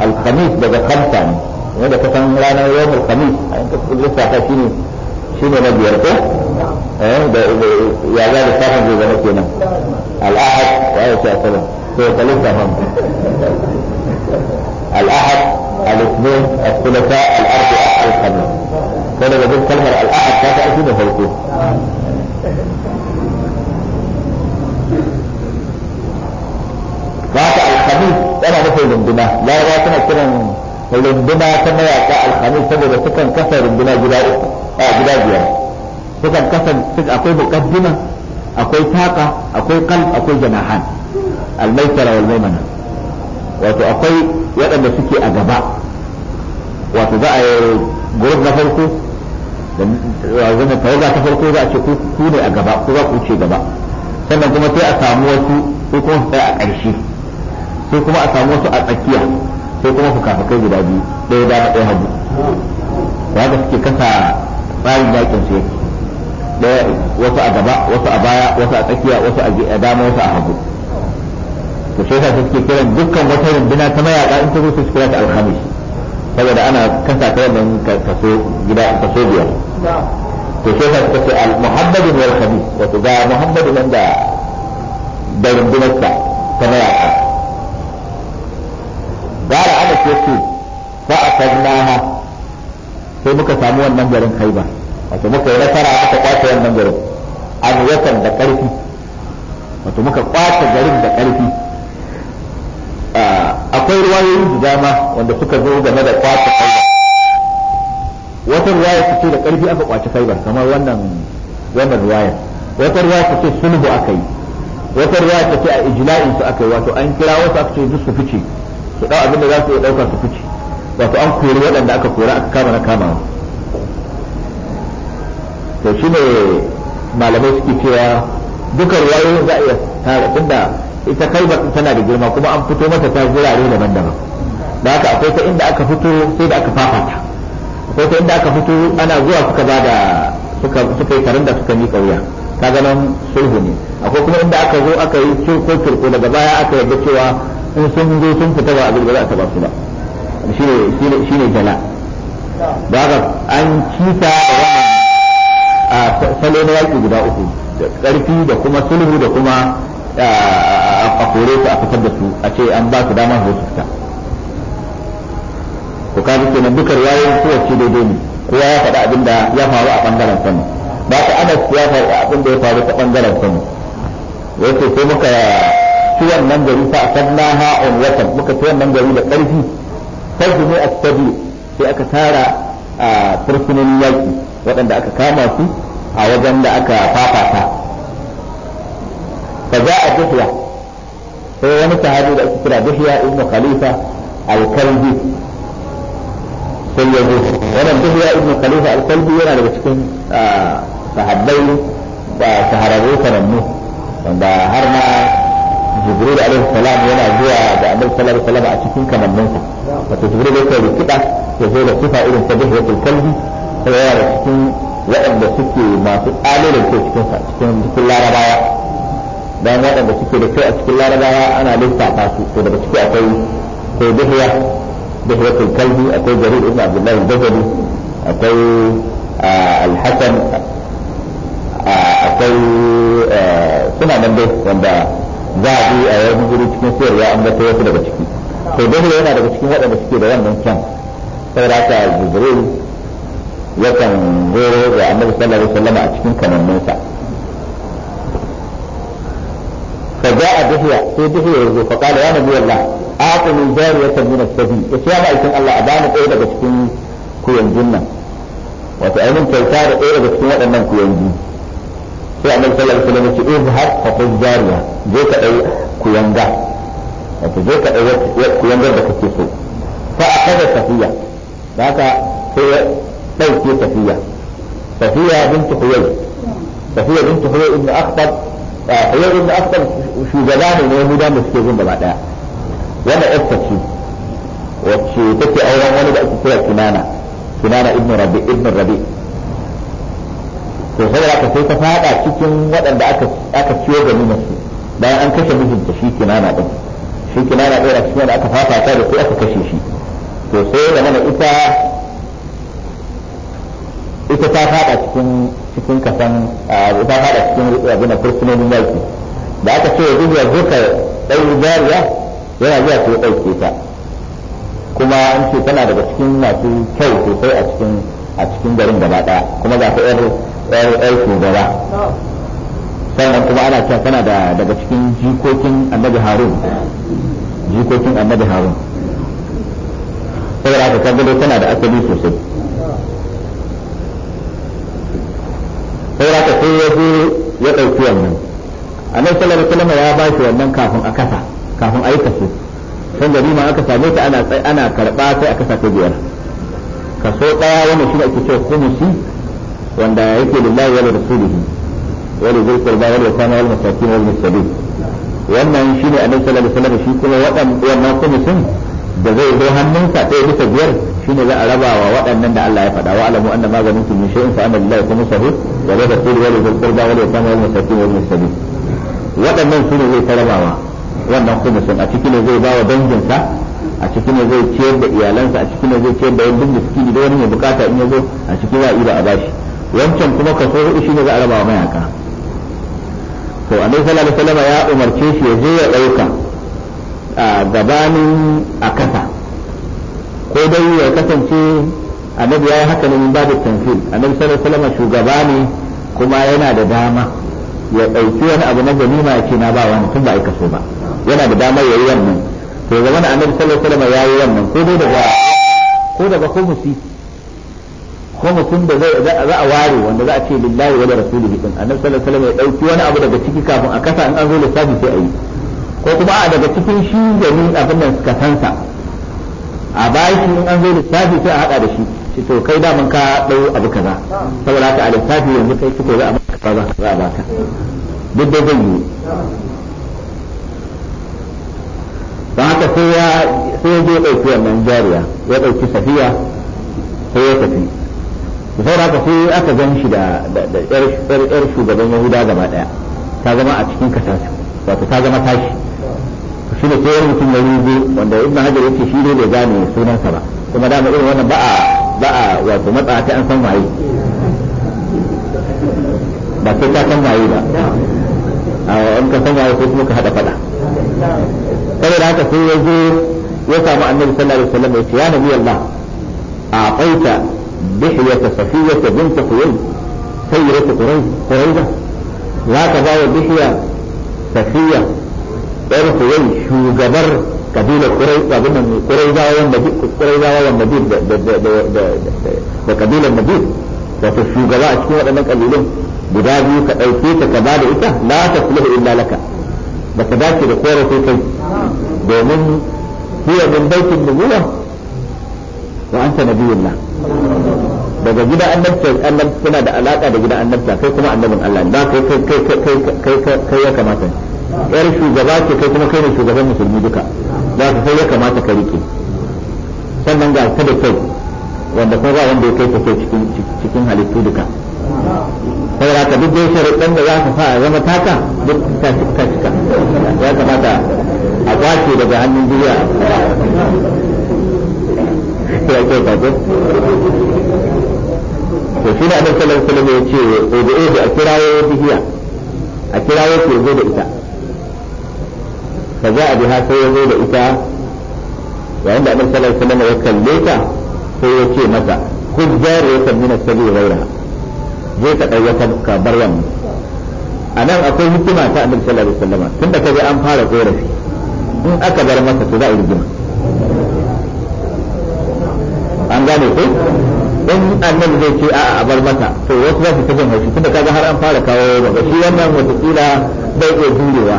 S2: alhamis daga khamsa ne wanda ka san ranar yawon alhamis a yanka kullum lissafa shi ne shi ne na biyar ko ya za da safin zai zama kenan al'ahad wa ya sha sallam to ka lissafa al'ahad al-ithnin al-thulatha al-arba'a al-khamis ko daga jin kalmar al'ahad ta ta aiki da farko ba ta alhamis yana nufin runduna larabawa suna kiran runduna ta mayaƙa alhamis saboda sukan kasa runduna gida biyar sukan kasa akwai muqaddima akwai taka akwai kal akwai janahan al-maisara wal maimana wato akwai waɗanda suke a gaba wato za a yi gurin na farko da zama tawaga ta farko za a ce ku ne a gaba ku za ku ce gaba sannan kuma sai a samu wasu ko kuma su tsaya a ƙarshe sai kuma a samu wasu a tsakiya sai kuma kai guda biyu ɗaya dama ɗaya hagu ya haka suke kasa tsarin yakin su yake ɗaya wasu a gaba wasu a baya wasu a tsakiya wasu a dama wasu a hagu to sai sa suke kiran dukkan wata runduna ta mayaka in ta zo su kira ta alhamis saboda ana kasa ta wannan kaso gida kaso biyar to sai ka ce al muhammadun wal khabith wato ga muhammadu nan da da rundunarsa ta mayaka da ana ce su fa asannaha sai muka samu wannan garin haiba wato muka yi nasara aka kwace wannan garin an yakan da karfi wato muka kwace garin da karfi akwai ruwayoyi da dama wanda suka zo game da kwace khaibar wata ruwaya ta ce da karfi aka kwace khaibar kamar wannan wannan ruwayar wata ruwaya ta ce sulhu aka yi wata ruwaya ta ce a ijla'in su aka yi wato an kira wasu aka ce duk su fice su dau abin da za su iya dauka su fice wato an kori waɗanda aka kori aka kama na kama to shine malamai suke cewa duka ruwayoyin za a iya tare tunda ita din tana da girma kuma an fito mata ta gurare daban-daban da haka akwai ta inda aka fito sai da aka fafata akwai ta inda aka fito ana zuwa suka ba da suka yi taron da suka miƙa wuya ka ganin sulhu ne akwai kuma inda aka zo aka yi kirko kirko daga baya aka yarda cewa in sun zo sun fita ba abin da za a taba su ba shi ne jala da haka an cita da wannan salo na yaƙi guda uku da ƙarfi da kuma sulhu da kuma a kore su a fitar da su a ce an ba su dama su fita to kaji kenan duka riwayoyin kowace daidai ne kowa ya faɗa abin da ya faru a bangaren sani ba ta ana ya faru abin da ya faru ta bangaren sani wato sai muka ci wannan gari fa ha on watan muka ci wannan gari da ƙarfi sai ne a tabi sai aka tara a fursunan yaki waɗanda aka kama su a wajen da aka fafata fa za a duhya sai wani sahabi da ake kira Dihya ibn Khalifa al-Kalbi sai ya zo wannan Dihya ibn Khalifa al-Kalbi yana daga cikin ah, sahabbai da shahararru sanannu wanda har ma Jibril alaihi salam yana zuwa da Annabi sallallahu alaihi wasallam a cikin kamanninsa wato Jibril yake rikida ya zo da sifa irin ta Dihya al-Kalbi sai yana da cikin waɗanda suke masu ƙalilin ko cikin cikin larabawa dan waɗanda suke da kai a cikin larabawa ana lissafa su to daga ciki akwai ko dihya dihya kai kalbi akwai jarir ibn abdullah al-bajali akwai ah, al-hasan ah, akwai eh, suna nan dai wanda za a bi a yau guri cikin siyarwa an ga ta wasu daga ciki to dihya yana daga cikin waɗanda suke da wannan kyan saboda haka jibril yakan goro ga annabi sallallahu alaihi wasallam a cikin kamanninsa فجاء به في به يرجو فقال يا نبي الله اعطني جارية من الثدي يا ما يكون الله ابانا ايه لك اشكين كو ينجنا وتأمين كيسار ايه لك اشكين وانا كو ينجن في عمل صلى الله عليه وسلم اذهب فقل جارية جيك ايه كو ينجا انت جيك ايه كو ينجا بك التسو فأخذ صفية ذاك هي توفي صفية صفية بنت خويل صفية بنت خويل ابن اخطب yau da aka shugaba ne na yahuda da suke gun gaba daya wanda esta ce wacce take auren wani da ake kira kinana kinana ibn rabi ibn rabi to saboda ka sai ta fada cikin waɗanda aka aka ciyo ga nuna su bayan an kashe mijinta shi kinana din shi kinana ɗaya da cikin da aka fafata da su aka kashe shi to sai da mana ita ita ta fada cikin cikin kasan ta hada cikin abin fursunonin yaki da aka ce yanzu ya zuka ɗau jariya yana zuwa ko ɗauke ta kuma an ce tana daga cikin masu kyau sosai a cikin a cikin garin gaba ɗaya kuma za ta yar yar shugaba sannan kuma ana cewa tana da daga cikin jikokin annabi harun jikokin annabi harun saboda haka kaga tana da asali sosai saboda ka sai ya je ya ɗauki wannan annabi sallallahu alaihi wasallam ya ba shi wannan kafin a kasa kafin a yi kaso san gari ma aka same ta ana ana karba sai kasa ta biyar kaso daya wani shi ake cewa kumusi wanda yake lillahi wa rasulihi wa li dhil qurba wal yatama wal masakin wal miskin wannan shi ne annabi sallallahu alaihi wasallam shi kuma wadan wannan kumusin da zai zo hannunsa ɗaya bisa biyar shine za a raba wa waɗannan da Allah ya faɗa wa alamu anna maganin kin shay'in fa anna lillahi kuma sahu wa la taqul wa lil qurba wa lil yatama wal masakin wa lil sabil waɗannan shine zai tarabawa wannan khumusin a cikin zai ba wa danginsa a cikin zai ciyar da iyalansa a cikin zai ciyar da wanda suke da wani mai bukata in yazo a cikin za a yi da a bashi wancan kuma kaso hudu shine za a raba wa mayaka to annabi sallallahu alaihi wasallam ya umarce shi ya je ya dauka a gabanin a kasa ko dai ya kasance annabi ya yi haka ne min babu tamfil annabi sallallahu alaihi wasallam shugaba ne kuma yana da dama ya ɗauki wani abu na ganima ya ce na ba wani tun ba aika so ba yana da dama ya yi wannan to ya zama da annabi sallallahu alaihi wasallam ya yi wannan ko dai daga ko daga khumusi khumusin da zai za a ware wanda za a ce lillahi wa rasulihi din annabi sallallahu alaihi wasallam ya ɗauki wani abu daga ciki kafin a kasa in an zo lissafi sai a yi ko kuma a daga cikin shi gani abin nan kasansa a bashi shi an zo lissafi sai a hada da shi shi to kai daman ka dau abu kaza saboda haka a lissafi yanzu kai kiko za a maka kaza za a baka duk da zan yi don haka sai ya sai ya je ɗauki wannan jariya ya ɗauki safiya sai ya tafi saboda haka sai aka gan shi da yar shugaban yahuda gaba daya ta zama a cikin kasashen wato ta zama tashi shi da sai mutum ya rubu wanda ibn hajar yake shi ne bai gane sunansa ba kuma dama irin wannan ba a ba a wato matsa ta an san waye ba sai ta san waye ba a an ka san waye ko kuma ka hada fada saboda haka sai ya zo ya samu annabi sallallahu alaihi wasallam ya ce ya nabi Allah a qaita bihiyata safiyata bint huyay sayyidatu quraiza za ka ba wa bihiya safiya ɗan kuwai shugabar kabilar kurai kurai zawawan kurai da da da da da kabilar shugaba a cikin waɗannan kabilun guda biyu ka ɗauke ta ka ba da ita la ta illa laka ba ka dace da kowa sai kai domin hiya min baitin nubuwa wa anta nabiyullah daga gidan annabta annab suna da alaka da gidan annabta kai kuma annabin Allah da kai kai kai kai kai kai ya kamata yar shugaba ce kai kuma kai ne shugaban musulmi duka za ka sai ya kamata ka rike sannan ga ta da kai wanda kuma ba wanda ya kai ta kai cikin cikin halittu duka sai ka duk dai sharuɗan da za ka sa zama taka duk ta cika cika ya kamata a kwace daga hannun duniya ya to shi ne abin sallallahu salar wasallam ya ce da ya a kirawo bihiya a kirawo ke zo da ita fa بها a biha ya zo da ita yayin da annabi ya kalle ta sai ya ce mata kun jari ya min as zai ka ka bar wannan anan akwai hikima ta an fara in a an gane ko in annabi zai ce a abar mata to wasu za su ta jin haushi tunda kaga har an fara kawo ba shi wannan wata kila bai iya jurewa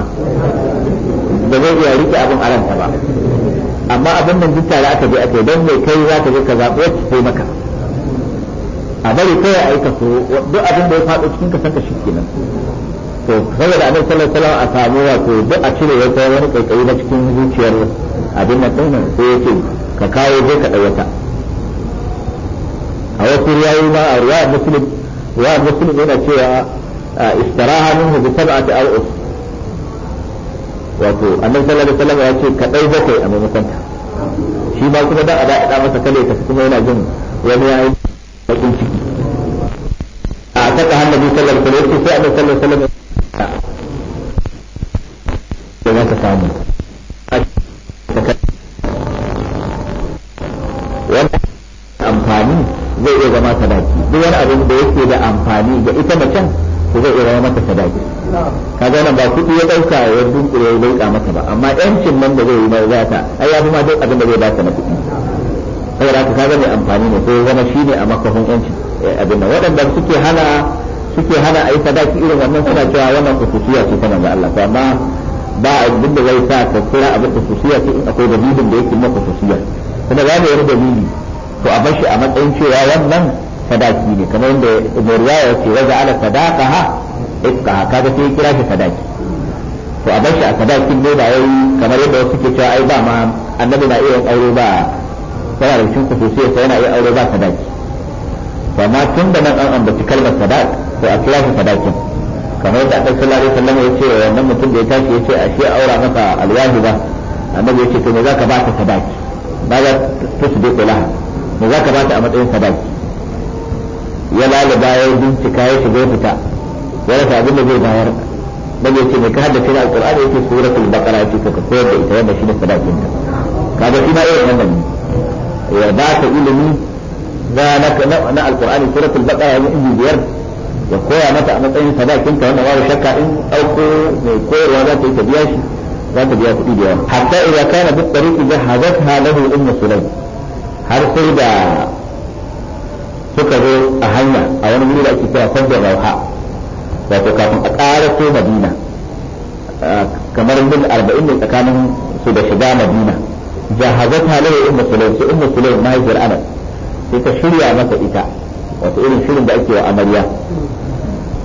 S2: da zai iya rike abin a ranta ba amma abin nan duk tare aka je a don mai kai za ka je ka zaɓi wacce sai maka a bari kai a aika so duk abin da ya faɗo cikin ka san ka shi kenan to da annabi sallallahu alaihi wasallam a samu wato duk a cire wata wani kaikayi na cikin zuciyar abin nan din sai ya ce ka kawo je ka ɗauka a wasu riwayoyi ma a riwayar muslim riwayar muslim yana cewa istiraha minhu bi sab'ati awus wato annabi sallallahu alaihi wasallam ya ce ka dai bakwai a maimakon ta shi ba kuma da a da da masa kale ta kuma yana jin wani yayi bakin ciki a ta ka annabi sallallahu alaihi wasallam sai annabi sallallahu alaihi wasallam da masa samu wannan amfani zai iya zama sadaki duk wani abin da yake da amfani ga ita macen zai iya zama mata sadaki ka gane ba kuɗi ya ɗauka ya dunkure ya danka maka ba amma yancin nan da zai yi mai zata ai ya fi ma duk abin da zai baka na kuɗi saboda haka ka gane amfani ne ko zama shine a makafin yancin eh, abin nan waɗanda suke hana suke hana a yi sadaki irin wannan suna cewa wannan kusuciya ce ta da Allah to amma ba duk da zai sa ka kira abin kusuciya ce in akwai dalilin da yake maka kusuciya kuma za mu wani dalili to a bashi a matsayin cewa wannan sadaki ne kamar yadda Umar ya ce wajen ala sadaqaha ikka kaga sai kira shi sadaki to a bar shi a sadakin ne ba yayi kamar yadda wasu ke cewa ai ba ma annabi na iya aure ba tana da cikin kusurci sai yana iya aure ba sadaki to amma tun da nan an ambaci kalmar sadak to a kira shi sadakin kamar yadda annabi sallallahu alaihi wasallam ya ce wannan mutum da ya tashi ya ce a shi aura masa alwahi ba annabi ya ce to me zaka ba ta sadaki ba za ta su dai laha me zaka ba ta a matsayin sadaki ya lalaba ya bincika ya shiga fita ya rasa abin da zai bayar dan yace mai ka haddace da alqur'ani yake suratul baqara yake ka koyar da ita wanda shi ne sadakin ta. kaga shi ma irin wannan ya ba ka ilimi za na na alqur'ani suratul baqara ne inji biyar ya koya mata a matsayin sadakin ta wanda babu shakka in auko mai koyarwa za ta yi ta biya shi za ta biya kuɗi da yawa hatta idza kana bi tariqi jahadatha lahu ummu sulaim har sai da suka zo a hanya a wani wuri da ake kira sabda rauha wato kafin a ƙara ko madina kamar mil arba'in ne tsakanin su da shiga madina jahazata lahu ummu in sai in sulaim mahaifiyar anas sai ta shirya masa ita wato irin shirin da ake wa amarya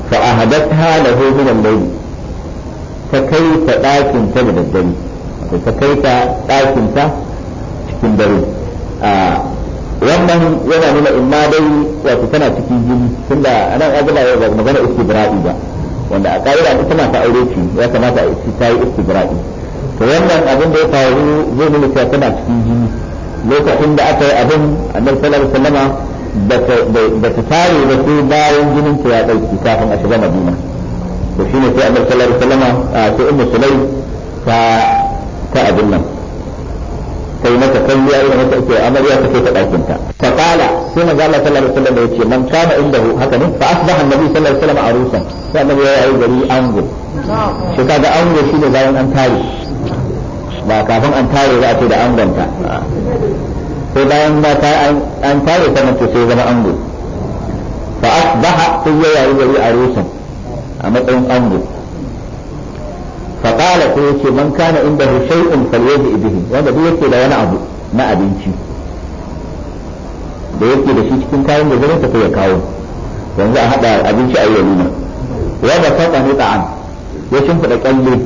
S2: fa ahadatha lahu min al-layl ta kai ta ɗakin ta da daddare wato ta kai ta ɗakin ta cikin dare wannan yana nuna in ma dai wato tana cikin jini tunda anan ya ba ya magana istibra'i ba wanda a ƙa'ida ita tana ta aure ce ya kamata a ci ta yi istibra'i to wannan abin da ya faru zai nuna cewa tana cikin jini lokacin da aka yi abin annabi sallallahu alaihi wasallama da ta tare ba su bayan jinin ta ya ɗauki kafin a shiga madina to shine sai annabi sallallahu alaihi wasallama sai ummu sulai ta ta abin nan kai mata kalli irin mata ake amarya ta ce ta dakin ta fa qala sai manzo Allah sallallahu alaihi wasallam yace man kana hu haka ne fa asbaha annabi sallallahu alaihi wasallam arusan sai annabi ya yi gari ango
S3: shi kaga ango shine
S2: bayan an tare ba kafin an tare za a ce da angonta sai bayan ba ta an tare ta mace sai zama ango fa asbaha sai ya yi gari arusan a matsayin ango فقال سيتي من كان عنده شيء فليجئ به وهذا بيكي لا ينعب ما أبنتي بيكي لشيك كن كاين لذلك تقول يكاون وانزا أحد أبنتي أي يلينا وهذا فقط نطعا يشنف الأكلي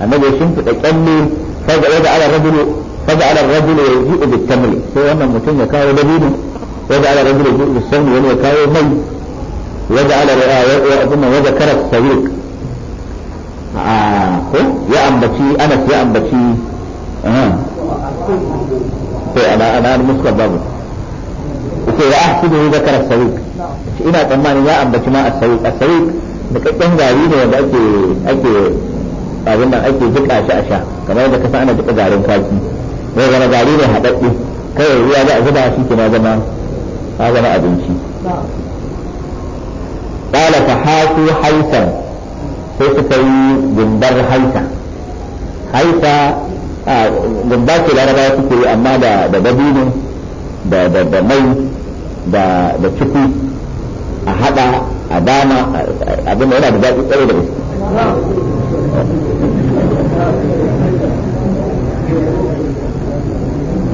S2: أنا يشنف الأكلي فجأ على الرجل فجأ على الرجل يجيء بالتمر سوى أن المتن يكاو لبينه وجعل الرجل يجيء بالسمن وانو يكاو ميت وجعل وذكر الصديق Ah, ko ya ambaci anas ya ambaci ko eh. ana ana muskar babu ko ya ahsibu zakara sawiq ina tsammani ya ambaci ma as-sawiq as-sawiq da kakkan gari ne wanda ake ake abin nan ake jika shi a sha kamar da kasa ana jika garin kaki. ne zama gari ne haɗaɗɗe kawai ruwa za a zuba shi ke na zama na zama abinci قال فحاكوا حيثا sai suka yi gumbar haita haita a gumba ce larabawa suke yi amma da dabino da mai da ciki a hada a dama abin da yana da daɗi tsaye da gaske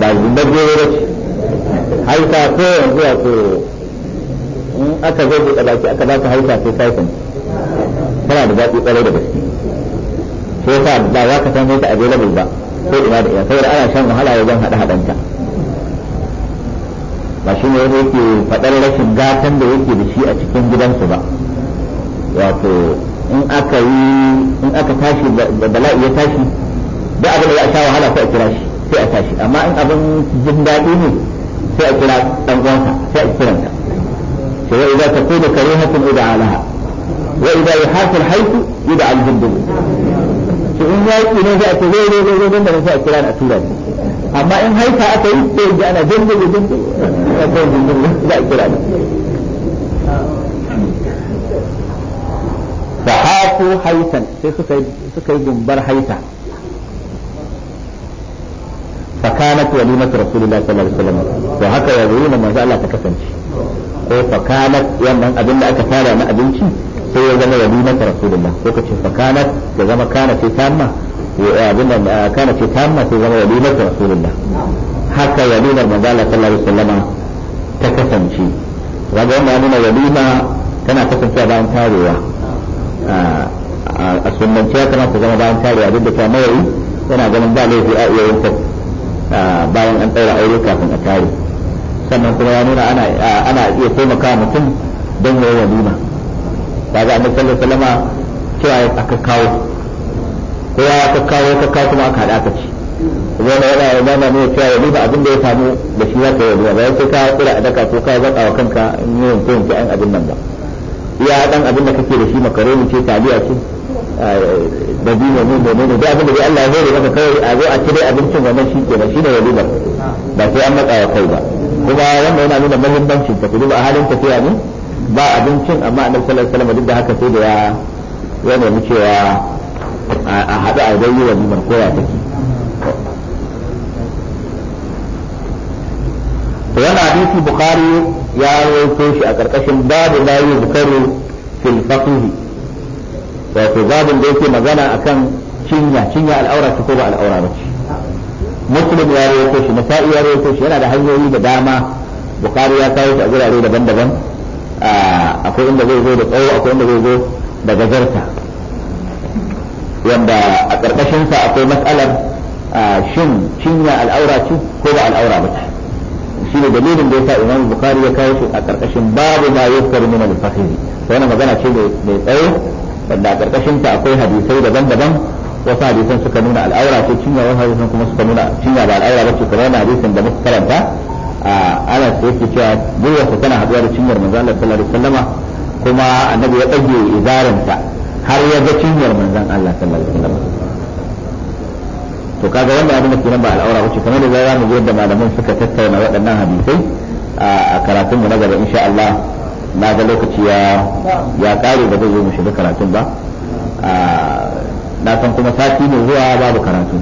S2: ba gumbar gero ba ce haita ko yanzu wato in aka zai buɗe baki aka ba ka haita sai kai tana da zaɓi kwarai da gaske ko sa ba za ka san ta available ba ko ina da iya saboda ana shan wahala wajen hada hadanta ba shi ne wanda yake faɗar rashin gatan da yake da shi a cikin gidansu ba wato in aka yi in aka tashi da bala'i ya tashi da abin da za a sha wahala sai a kira shi sai a tashi amma in abin jin daɗi ne sai a kira ɗan uwansa sai a kiranta sai ya idan ta kuma karihatun ida alaha وإذا يحاس الحيث يدعى الجد in yaƙi ne za a ce zai zai zai zai da sai a kira na tura amma in haifa aka yi sai ji ana jin jin jin a kan jin za a kira ne sahafu haitan sai suka yi gumbar haita fakanat walimatu rasulullahi sallallahu alaihi wasallam to haka ya zo ne manzo kasance ko fakanat abin da aka fara na abinci sai ya zama yadu maka rasulullah ko kace fa fakanat ya zama kana ce tamma abin da kana ce tamma sai zama yadu maka rasulullah haka yadunar manzala sallallahu alaihi wasallama ta kasance kaga wannan ya nuna yaduna tana kasancewa bayan tarewa a sunnance ya kamata zama bayan tarewa duk da ta mawayi yana ganin ba laifi a iya yankan bayan an tsaira aure kafin a tare sannan kuma ya nuna ana iya taimaka mutum don yayi yaduna kaga annabi sallallahu alaihi wasallam cewa aka kawo ko ya aka kawo ka kawo kuma aka hada aka ci kuma da yana yana da ne cewa yanzu ba abin da ya samu da shi zaka yi ba sai ka kura a daka ko ka zaka wa kanka in ne ko in an abin nan ba iya dan abin da kake da shi makaroni ce taliya ce da dino ne ne ne da abin da Allah ya zai maka kawai a zo a cire dai abincin wannan shi ke da shi ne walibar ba sai an matsa wa kai ba kuma wannan yana nuna muhimmancin ta kuma a halin tafiya ne ba abincin amma annabi sallallahu alaihi wasallam duk da haka sai da ya ya nemi cewa a haɗu a dai wa limar koya take to yana hadisi bukhari ya rawaito shi a karkashin babu la yuzkaru fil faqih wato babin da yake magana akan cinya cinya al'aura ta ko ba al'aura ba ce muslim ya rawaito shi nasa'i ya rawaito shi yana da hanyoyi da dama bukhari ya kawo shi a gurare daban-daban akwai inda zai zo da tsawo akwai inda zai zo da gazarta wanda a ƙarƙashinsa akwai matsalar shin cinya al'aura ce ko ba al'aura ba ce shi ne dalilin da ya sa imam bukari ya kawo shi a ƙarƙashin babu ma ya kari na al ta wani magana ce mai tsawo wanda a ƙarƙashinta akwai hadisai daban-daban wasu hadisan suka nuna al'aura ce cinya wasu hadisan kuma suka nuna cinya ba al'aura ba ce kamar hadisin da muka karanta a ana da yake cewa gwiwarsa tana haɗuwa da cinyar manzan Allah sallallahu alaihi wasallama kuma annabi ya ɗage ta har ya ga cinyar manzan Allah sallallahu alaihi wasallama to kaga wannan abin da ke nan ba al'aura wuce kamar da za mu ga yadda malaman suka tattauna waɗannan hadisai a karatun mu na gaba insha Allah na ga lokaci ya ya kare ba zai zo mu shiga karatun ba na san kuma sati mai zuwa babu karatu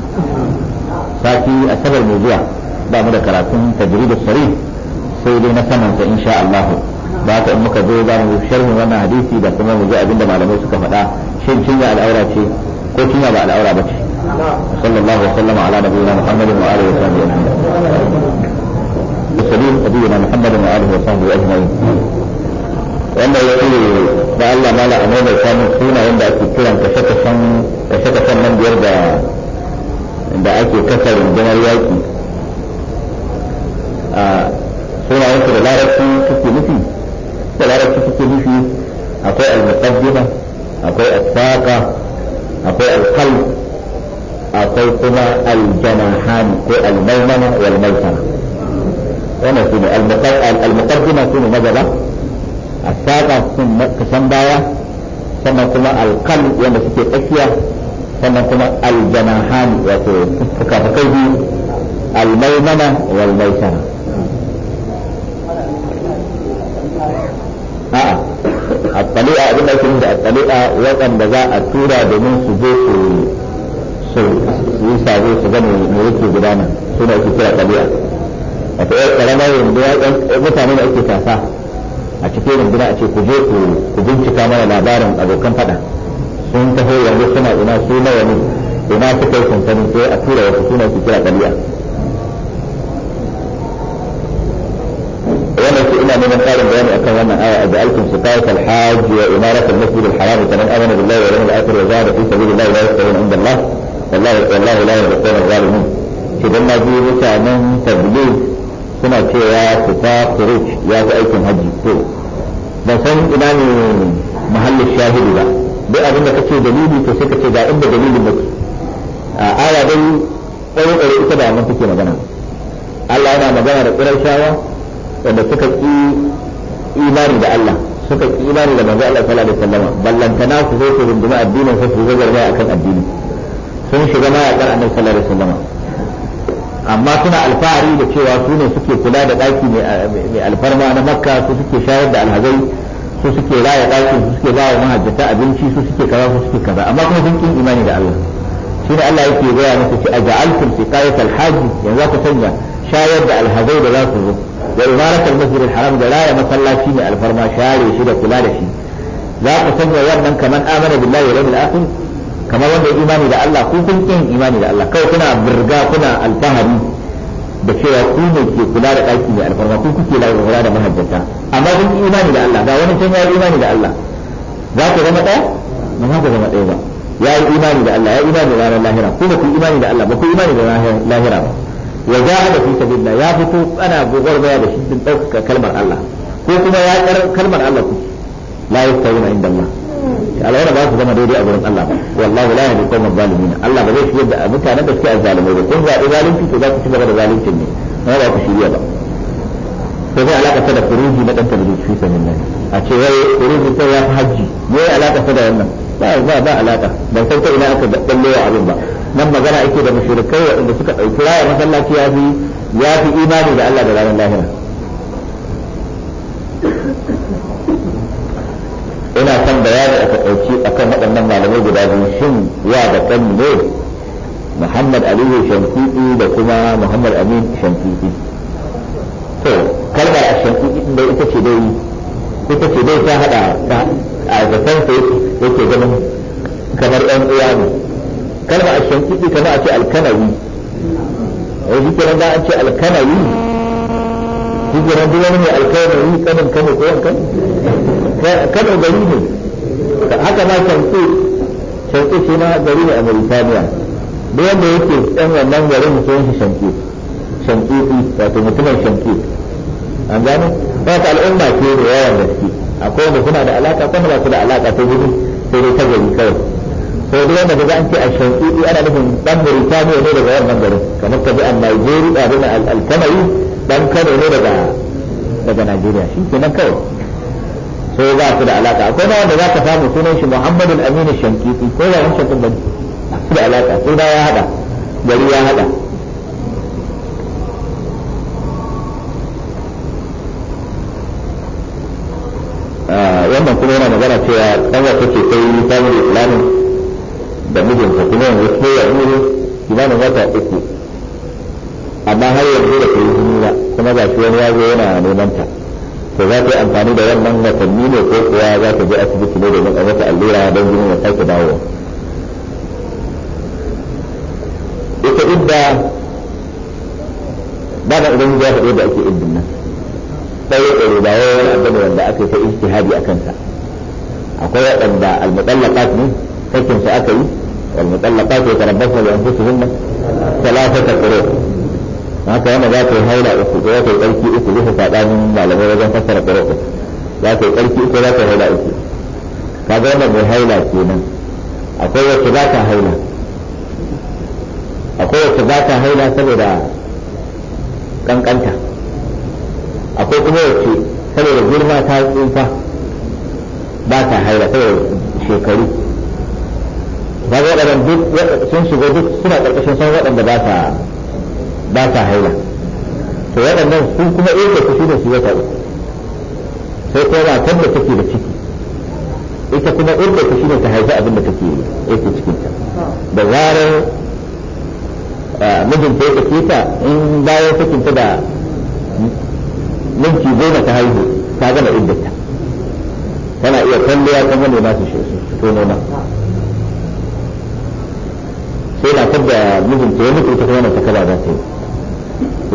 S2: sati asabar mai zuwa ba mu da karatun tajridus sarih sai dai na saman insha Allah da haka in muka zo za mu sharhi wannan hadisi da kuma mu ji abinda malamai suka faɗa shin cinya al'aura ce ko cinya ba al'aura ba ce sallallahu alaihi wa ala nabiyina muhammadin wa alihi wa sahbihi
S3: ajma'in
S2: المرسلين نبينا محمد وآله وصحبه أجمعين ya ce da Allah ma la mai samun suna yadda ake kiran ka shaka nan biyar da ake kasa rundunar yaki a sunayensu da larabci suke nufi da larabci suke nufi akwai al-muqaddima akwai as-saqa akwai al-qalb akwai kuma al-janahan ko al-maymana wal maysara wannan shine al-muqaddima shine magaba as-saqa sun kasan baya sannan kuma al-qalb wanda suke tsakiya sannan kuma al-janahan wato fuka-fukai biyu al-maymana wal maysara a'a a tsali'a abin da yake da tsali'a waɗanda za a tura domin su je su su yi sabo su gane mai yake gudana su da ake kira tali'a wato ya karama yanzu ya eh, mutane da ake tasa a cikin rundunar a ce ku je ku bincika mana labarin abokan faɗa sun taho yanzu suna ina su nawa ne ina suka yi sansani sai a tura wasu suna ke kira tali'a من قال الجامع أكا وانا أجعلكم سقاية الحاج وإمارة المسجد الحرام كمن آمن بالله ولم الآخر وزاد في سبيل الله لا يستوون عند الله والله والله لا يغفر الظالمين في ظل هذه رسا من تبليغ كما يا سقاة خروج يا أيكم هج تو طيب. بس إمام محل الشاهد ده ده أظن كتير دليل تسكت كذا إنه دليل مك آه، آية دليل أو أو إتبع من تكي مجنون الله أنا إن شاء الله. wanda suka ki imani da Allah suka ki imani da manzo Allah sallallahu alaihi wasallam ballantana su zo su runduma addinin su su zagarba akan addini sun shiga ma yakar annabi sallallahu alaihi wasallam amma suna alfahari da cewa su ne suke kula da daki mai alfarma na makka su suke shayar da alhazai su suke raya dakin su suke bawa mahajjata abinci su suke kaza su suke kaza amma kuma sun kin imani da Allah shi ne Allah yake gaya ga ce aja'altum siqayat alhaji yanzu ku sanya shayar da alhazai da za su zo da imaratul masjidil haram da raya masallaci mai alfarma share shi da kula da shi za ku sanya wannan kamar amana billahi wal yawmil akhir kamar wanda imani da Allah ku kun kin imani da Allah kawai kuna burga kuna alfahari da cewa ku ne ke kula da ɗaki mai alfarma ku kuke da kula da mahajjata amma kun imani da Allah ga wani can ya imani da Allah za ku zama ɗaya ba za ku zama ba ya yi imani da Allah ya da ranar lahira ko ba da Allah ba da lahira ba wa jahada fi sabilillah ya fito ana baya da shi din ɗaukaka kalmar Allah ko kuma ya kar kalmar Allah ku la yastawuna inda Allah alawara ba su zama daidai a gurin Allah ba wallahi la yahdi qawman zalimin Allah ba zai shigar da mutanen da suke azzalimai ba kun zaɓi zalunci to za ku ci gaba da zalunci ne ba za ku shirya ba to zai alaka ta da na ɗan tarbi fi sabilillah a ce wai kuruji sai ya fi hajji me alaka wannan ba ba ba alaka ta ina aka dallo abin ba nan magana ake da mushrikai waɗanda suka ɗauki raya masallaci ya fi ya fi imani da Allah da ranar lahira ina son bayani aka ɗauki akan waɗannan malamai guda biyu shin ya da kan ne Muhammad Aliyu Shankiti da kuma Muhammad Amin Shankiti to kalmar a Shankiti ɗin ita ce dai ita ce dai ta haɗa a zaton sai yake ganin kamar ɗan uwa ne kalma a kuɗi kama a ce alkanawi yanzu kira da a ce alkanawi shi kira duk wani mai alkanawi kanin kano ko wankan kano gari ne haka ma shan kuɗi shi ma gari ne a Mauritania duk wanda yake ɗan wannan garin mutum shi shanki shankiki wato mutumin kuɗi an gano ta al'umma ce da yawan gaske akwai wanda suna da alaka kuma ba su da alaka ta gudu sai dai ta gari kawai to duk wanda kaga an ce a shafi'i ana nufin dan Mauritania ne daga wannan garin kamar kaji a Nigeria da na al-Kamari Kano ne daga daga Najeriya shi nan kawai so za su da alaka akwai ma wanda za ka samu sunan shi Muhammadu Aminu Shankiti ko da wancan din ba su da alaka sai da ya haɗa gari ya haɗa. Ah, wannan kuma yana magana cewa ɗan wata ce kai samun islamin da mijinta kuma yanzu ko ya ne kimanin wata uku amma har yanzu da kai yi ba kuma ga shi wani yazo yana neman ta to za ta yi amfani da wannan watanni ne ko kuwa za ta je asibiti ne domin a mata allura don jinin ya sake dawo ita idda ba da idan ya faɗo da ake iddin nan ɗaya ɗaya ba wai abu ne wanda aka yi ta ijtihadi a kanta akwai waɗanda al ne sakin su aka yi والمطلقات يتربصن بانفسهن ثلاثة قروء haka yana za ta yi haila uku za ta yi ƙarfi uku bisa saɓanin malamai wajen fassara za ta yi ƙarfi uku za ta yi haila uku wannan mai haila kenan akwai wacce za ta haila akwai wacce ba ta haila saboda kankanta akwai kuma wacce saboda girma ta tsufa ba ta haila saboda shekaru ba ga waɗannan duk sun shiga duk suna ƙarƙashin san waɗanda ba sa ba ta haila to waɗannan su kuma ɗaya ta shi da su wata uku sai ko ba kan da take da ciki ita kuma irin da ta shi ne ta haifi abin da take yake cikinta da zarar mijinta ya ɗauke ta in bayan sakinta da minti goma ta haihu ta gama iddata tana iya kwalliya kuma ne ma su shi su tono ma sai matar da mijinta ya mutu ita kuma na takaba za ta yi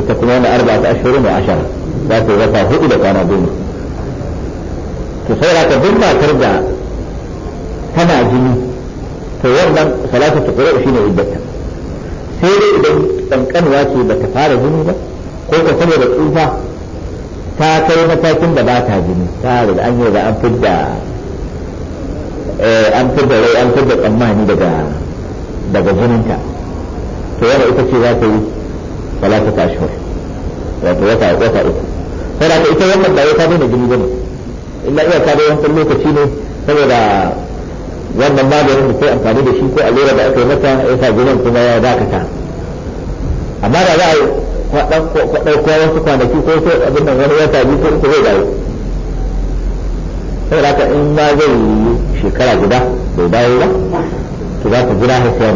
S2: ita kuma na arba ta ashirin da ashara za ta yi wata hudu da kwana goma to sai raka duk matar da tana jini to wannan salatu ta ƙura shi ne iddata sai dai idan ɗanƙanuwa ce ba ta fara jini ba ko ka saboda tsufa ta kai matakin da ba ta jini ta da an yi da an fidda eh, an fidda rai an fidda tsammani daga daga jininta to yana ita ce za ta yi salatu ta ashhur wato wata wata uku sai da ita wannan da ta daina jini bane illa iya ta da wannan lokaci ne saboda wannan maganin da sai amfani da shi ko allura da aka yi mata ya sa jinin kuma ya dakata amma da za a yi ɗauko wasu kwanaki ko sai abin da wani wata biyu ko uku zai dawo saboda haka in ma zai yi shekara guda bai dawo ba ki za ka jira har sai ya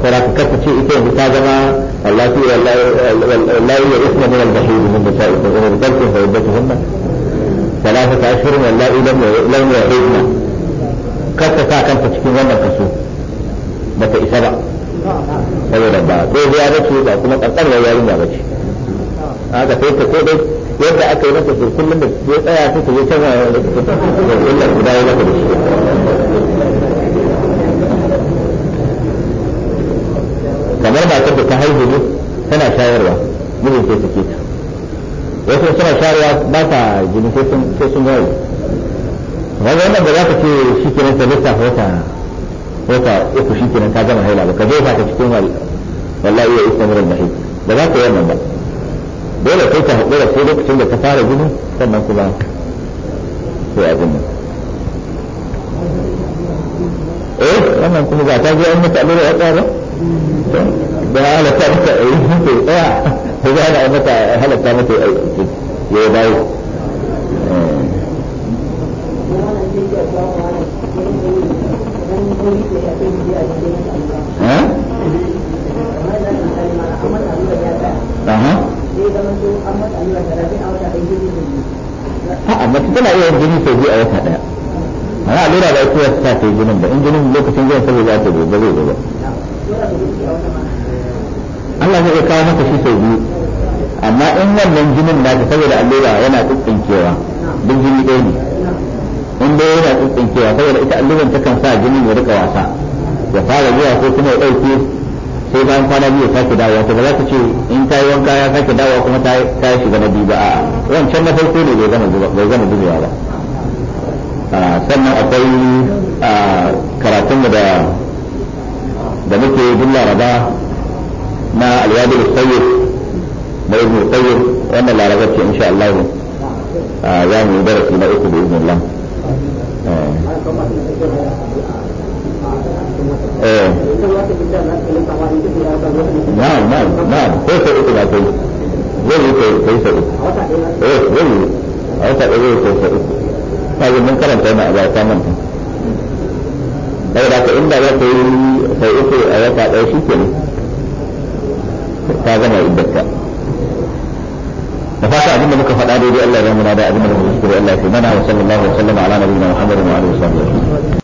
S2: dawo ka ce ita yanzu ta zama wallahi wallahi ya isma min al-bahir min ثلاثة أشهر لم لم يعيدنا تشكي كسو saboda ba ko ba kuma kankan yarinya bace haka sai ta ko dai yadda aka yi da ya tsaya haihu tana shayarwa mijin sai take ta wasu suna shayarwa ba ta jini sai sun yawo wanda wannan ba za ka ce shi kenan ta lissafa wata wata uku shi kenan ta gama haila ba ka jefa ta cikin wallahi ya isa murar mahi ba za ka yi wannan ba dole kai ta haƙura sai lokacin da ta fara jini sannan kuma sai abin nan eh wannan kuma ba ta je an mata allura ya tsara da halatta mata a yi mutu tsaya ta zana mata halatta mata a yi ya bayo eh? A'a, mace tana iya jini a wata Ana lura da ita ya sa ta yi jinin ba, in jinin lokacin za ta ba zai ba. Allah zai kawo maka shi sau biyu amma in wannan jinin na saboda allura yana kewa duk jini ɗaya ne in dai yana kewa saboda ita alluran ta kan sa jinin ya rika wasa ya fara zuwa ko kuma ya ɗauke sai bayan kwana biyu ya sake dawowa to ba za ka ce in ta yi wanka ya sake dawowa kuma ta yi shiga na biyu ba a'a wancan na farko ne bai gama zubewa ba sannan akwai ah, karatun da da muke duk laraba na alwadul sayyid na ibn sayyid wannan laraba ce insha Allah za mu yi darasi na uku da izinin Allah eh. eh. na'am na'am na'am ko sai uku da kai zai yi kai sai uku eh zai yi a wata ɗaya zai kai sai uku kaga mun karanta yana a ta manta daga da ka inda za ka yi sai uku a wata ɗaya shi ke ta gama iddarka da fata abinda muka faɗa daidai Allah ya muna da abinda muka kuskure Allah ya fi mana wa sallallahu alaihi wa sallam ala nabiyina Muhammadin wa alihi wa
S3: sahbihi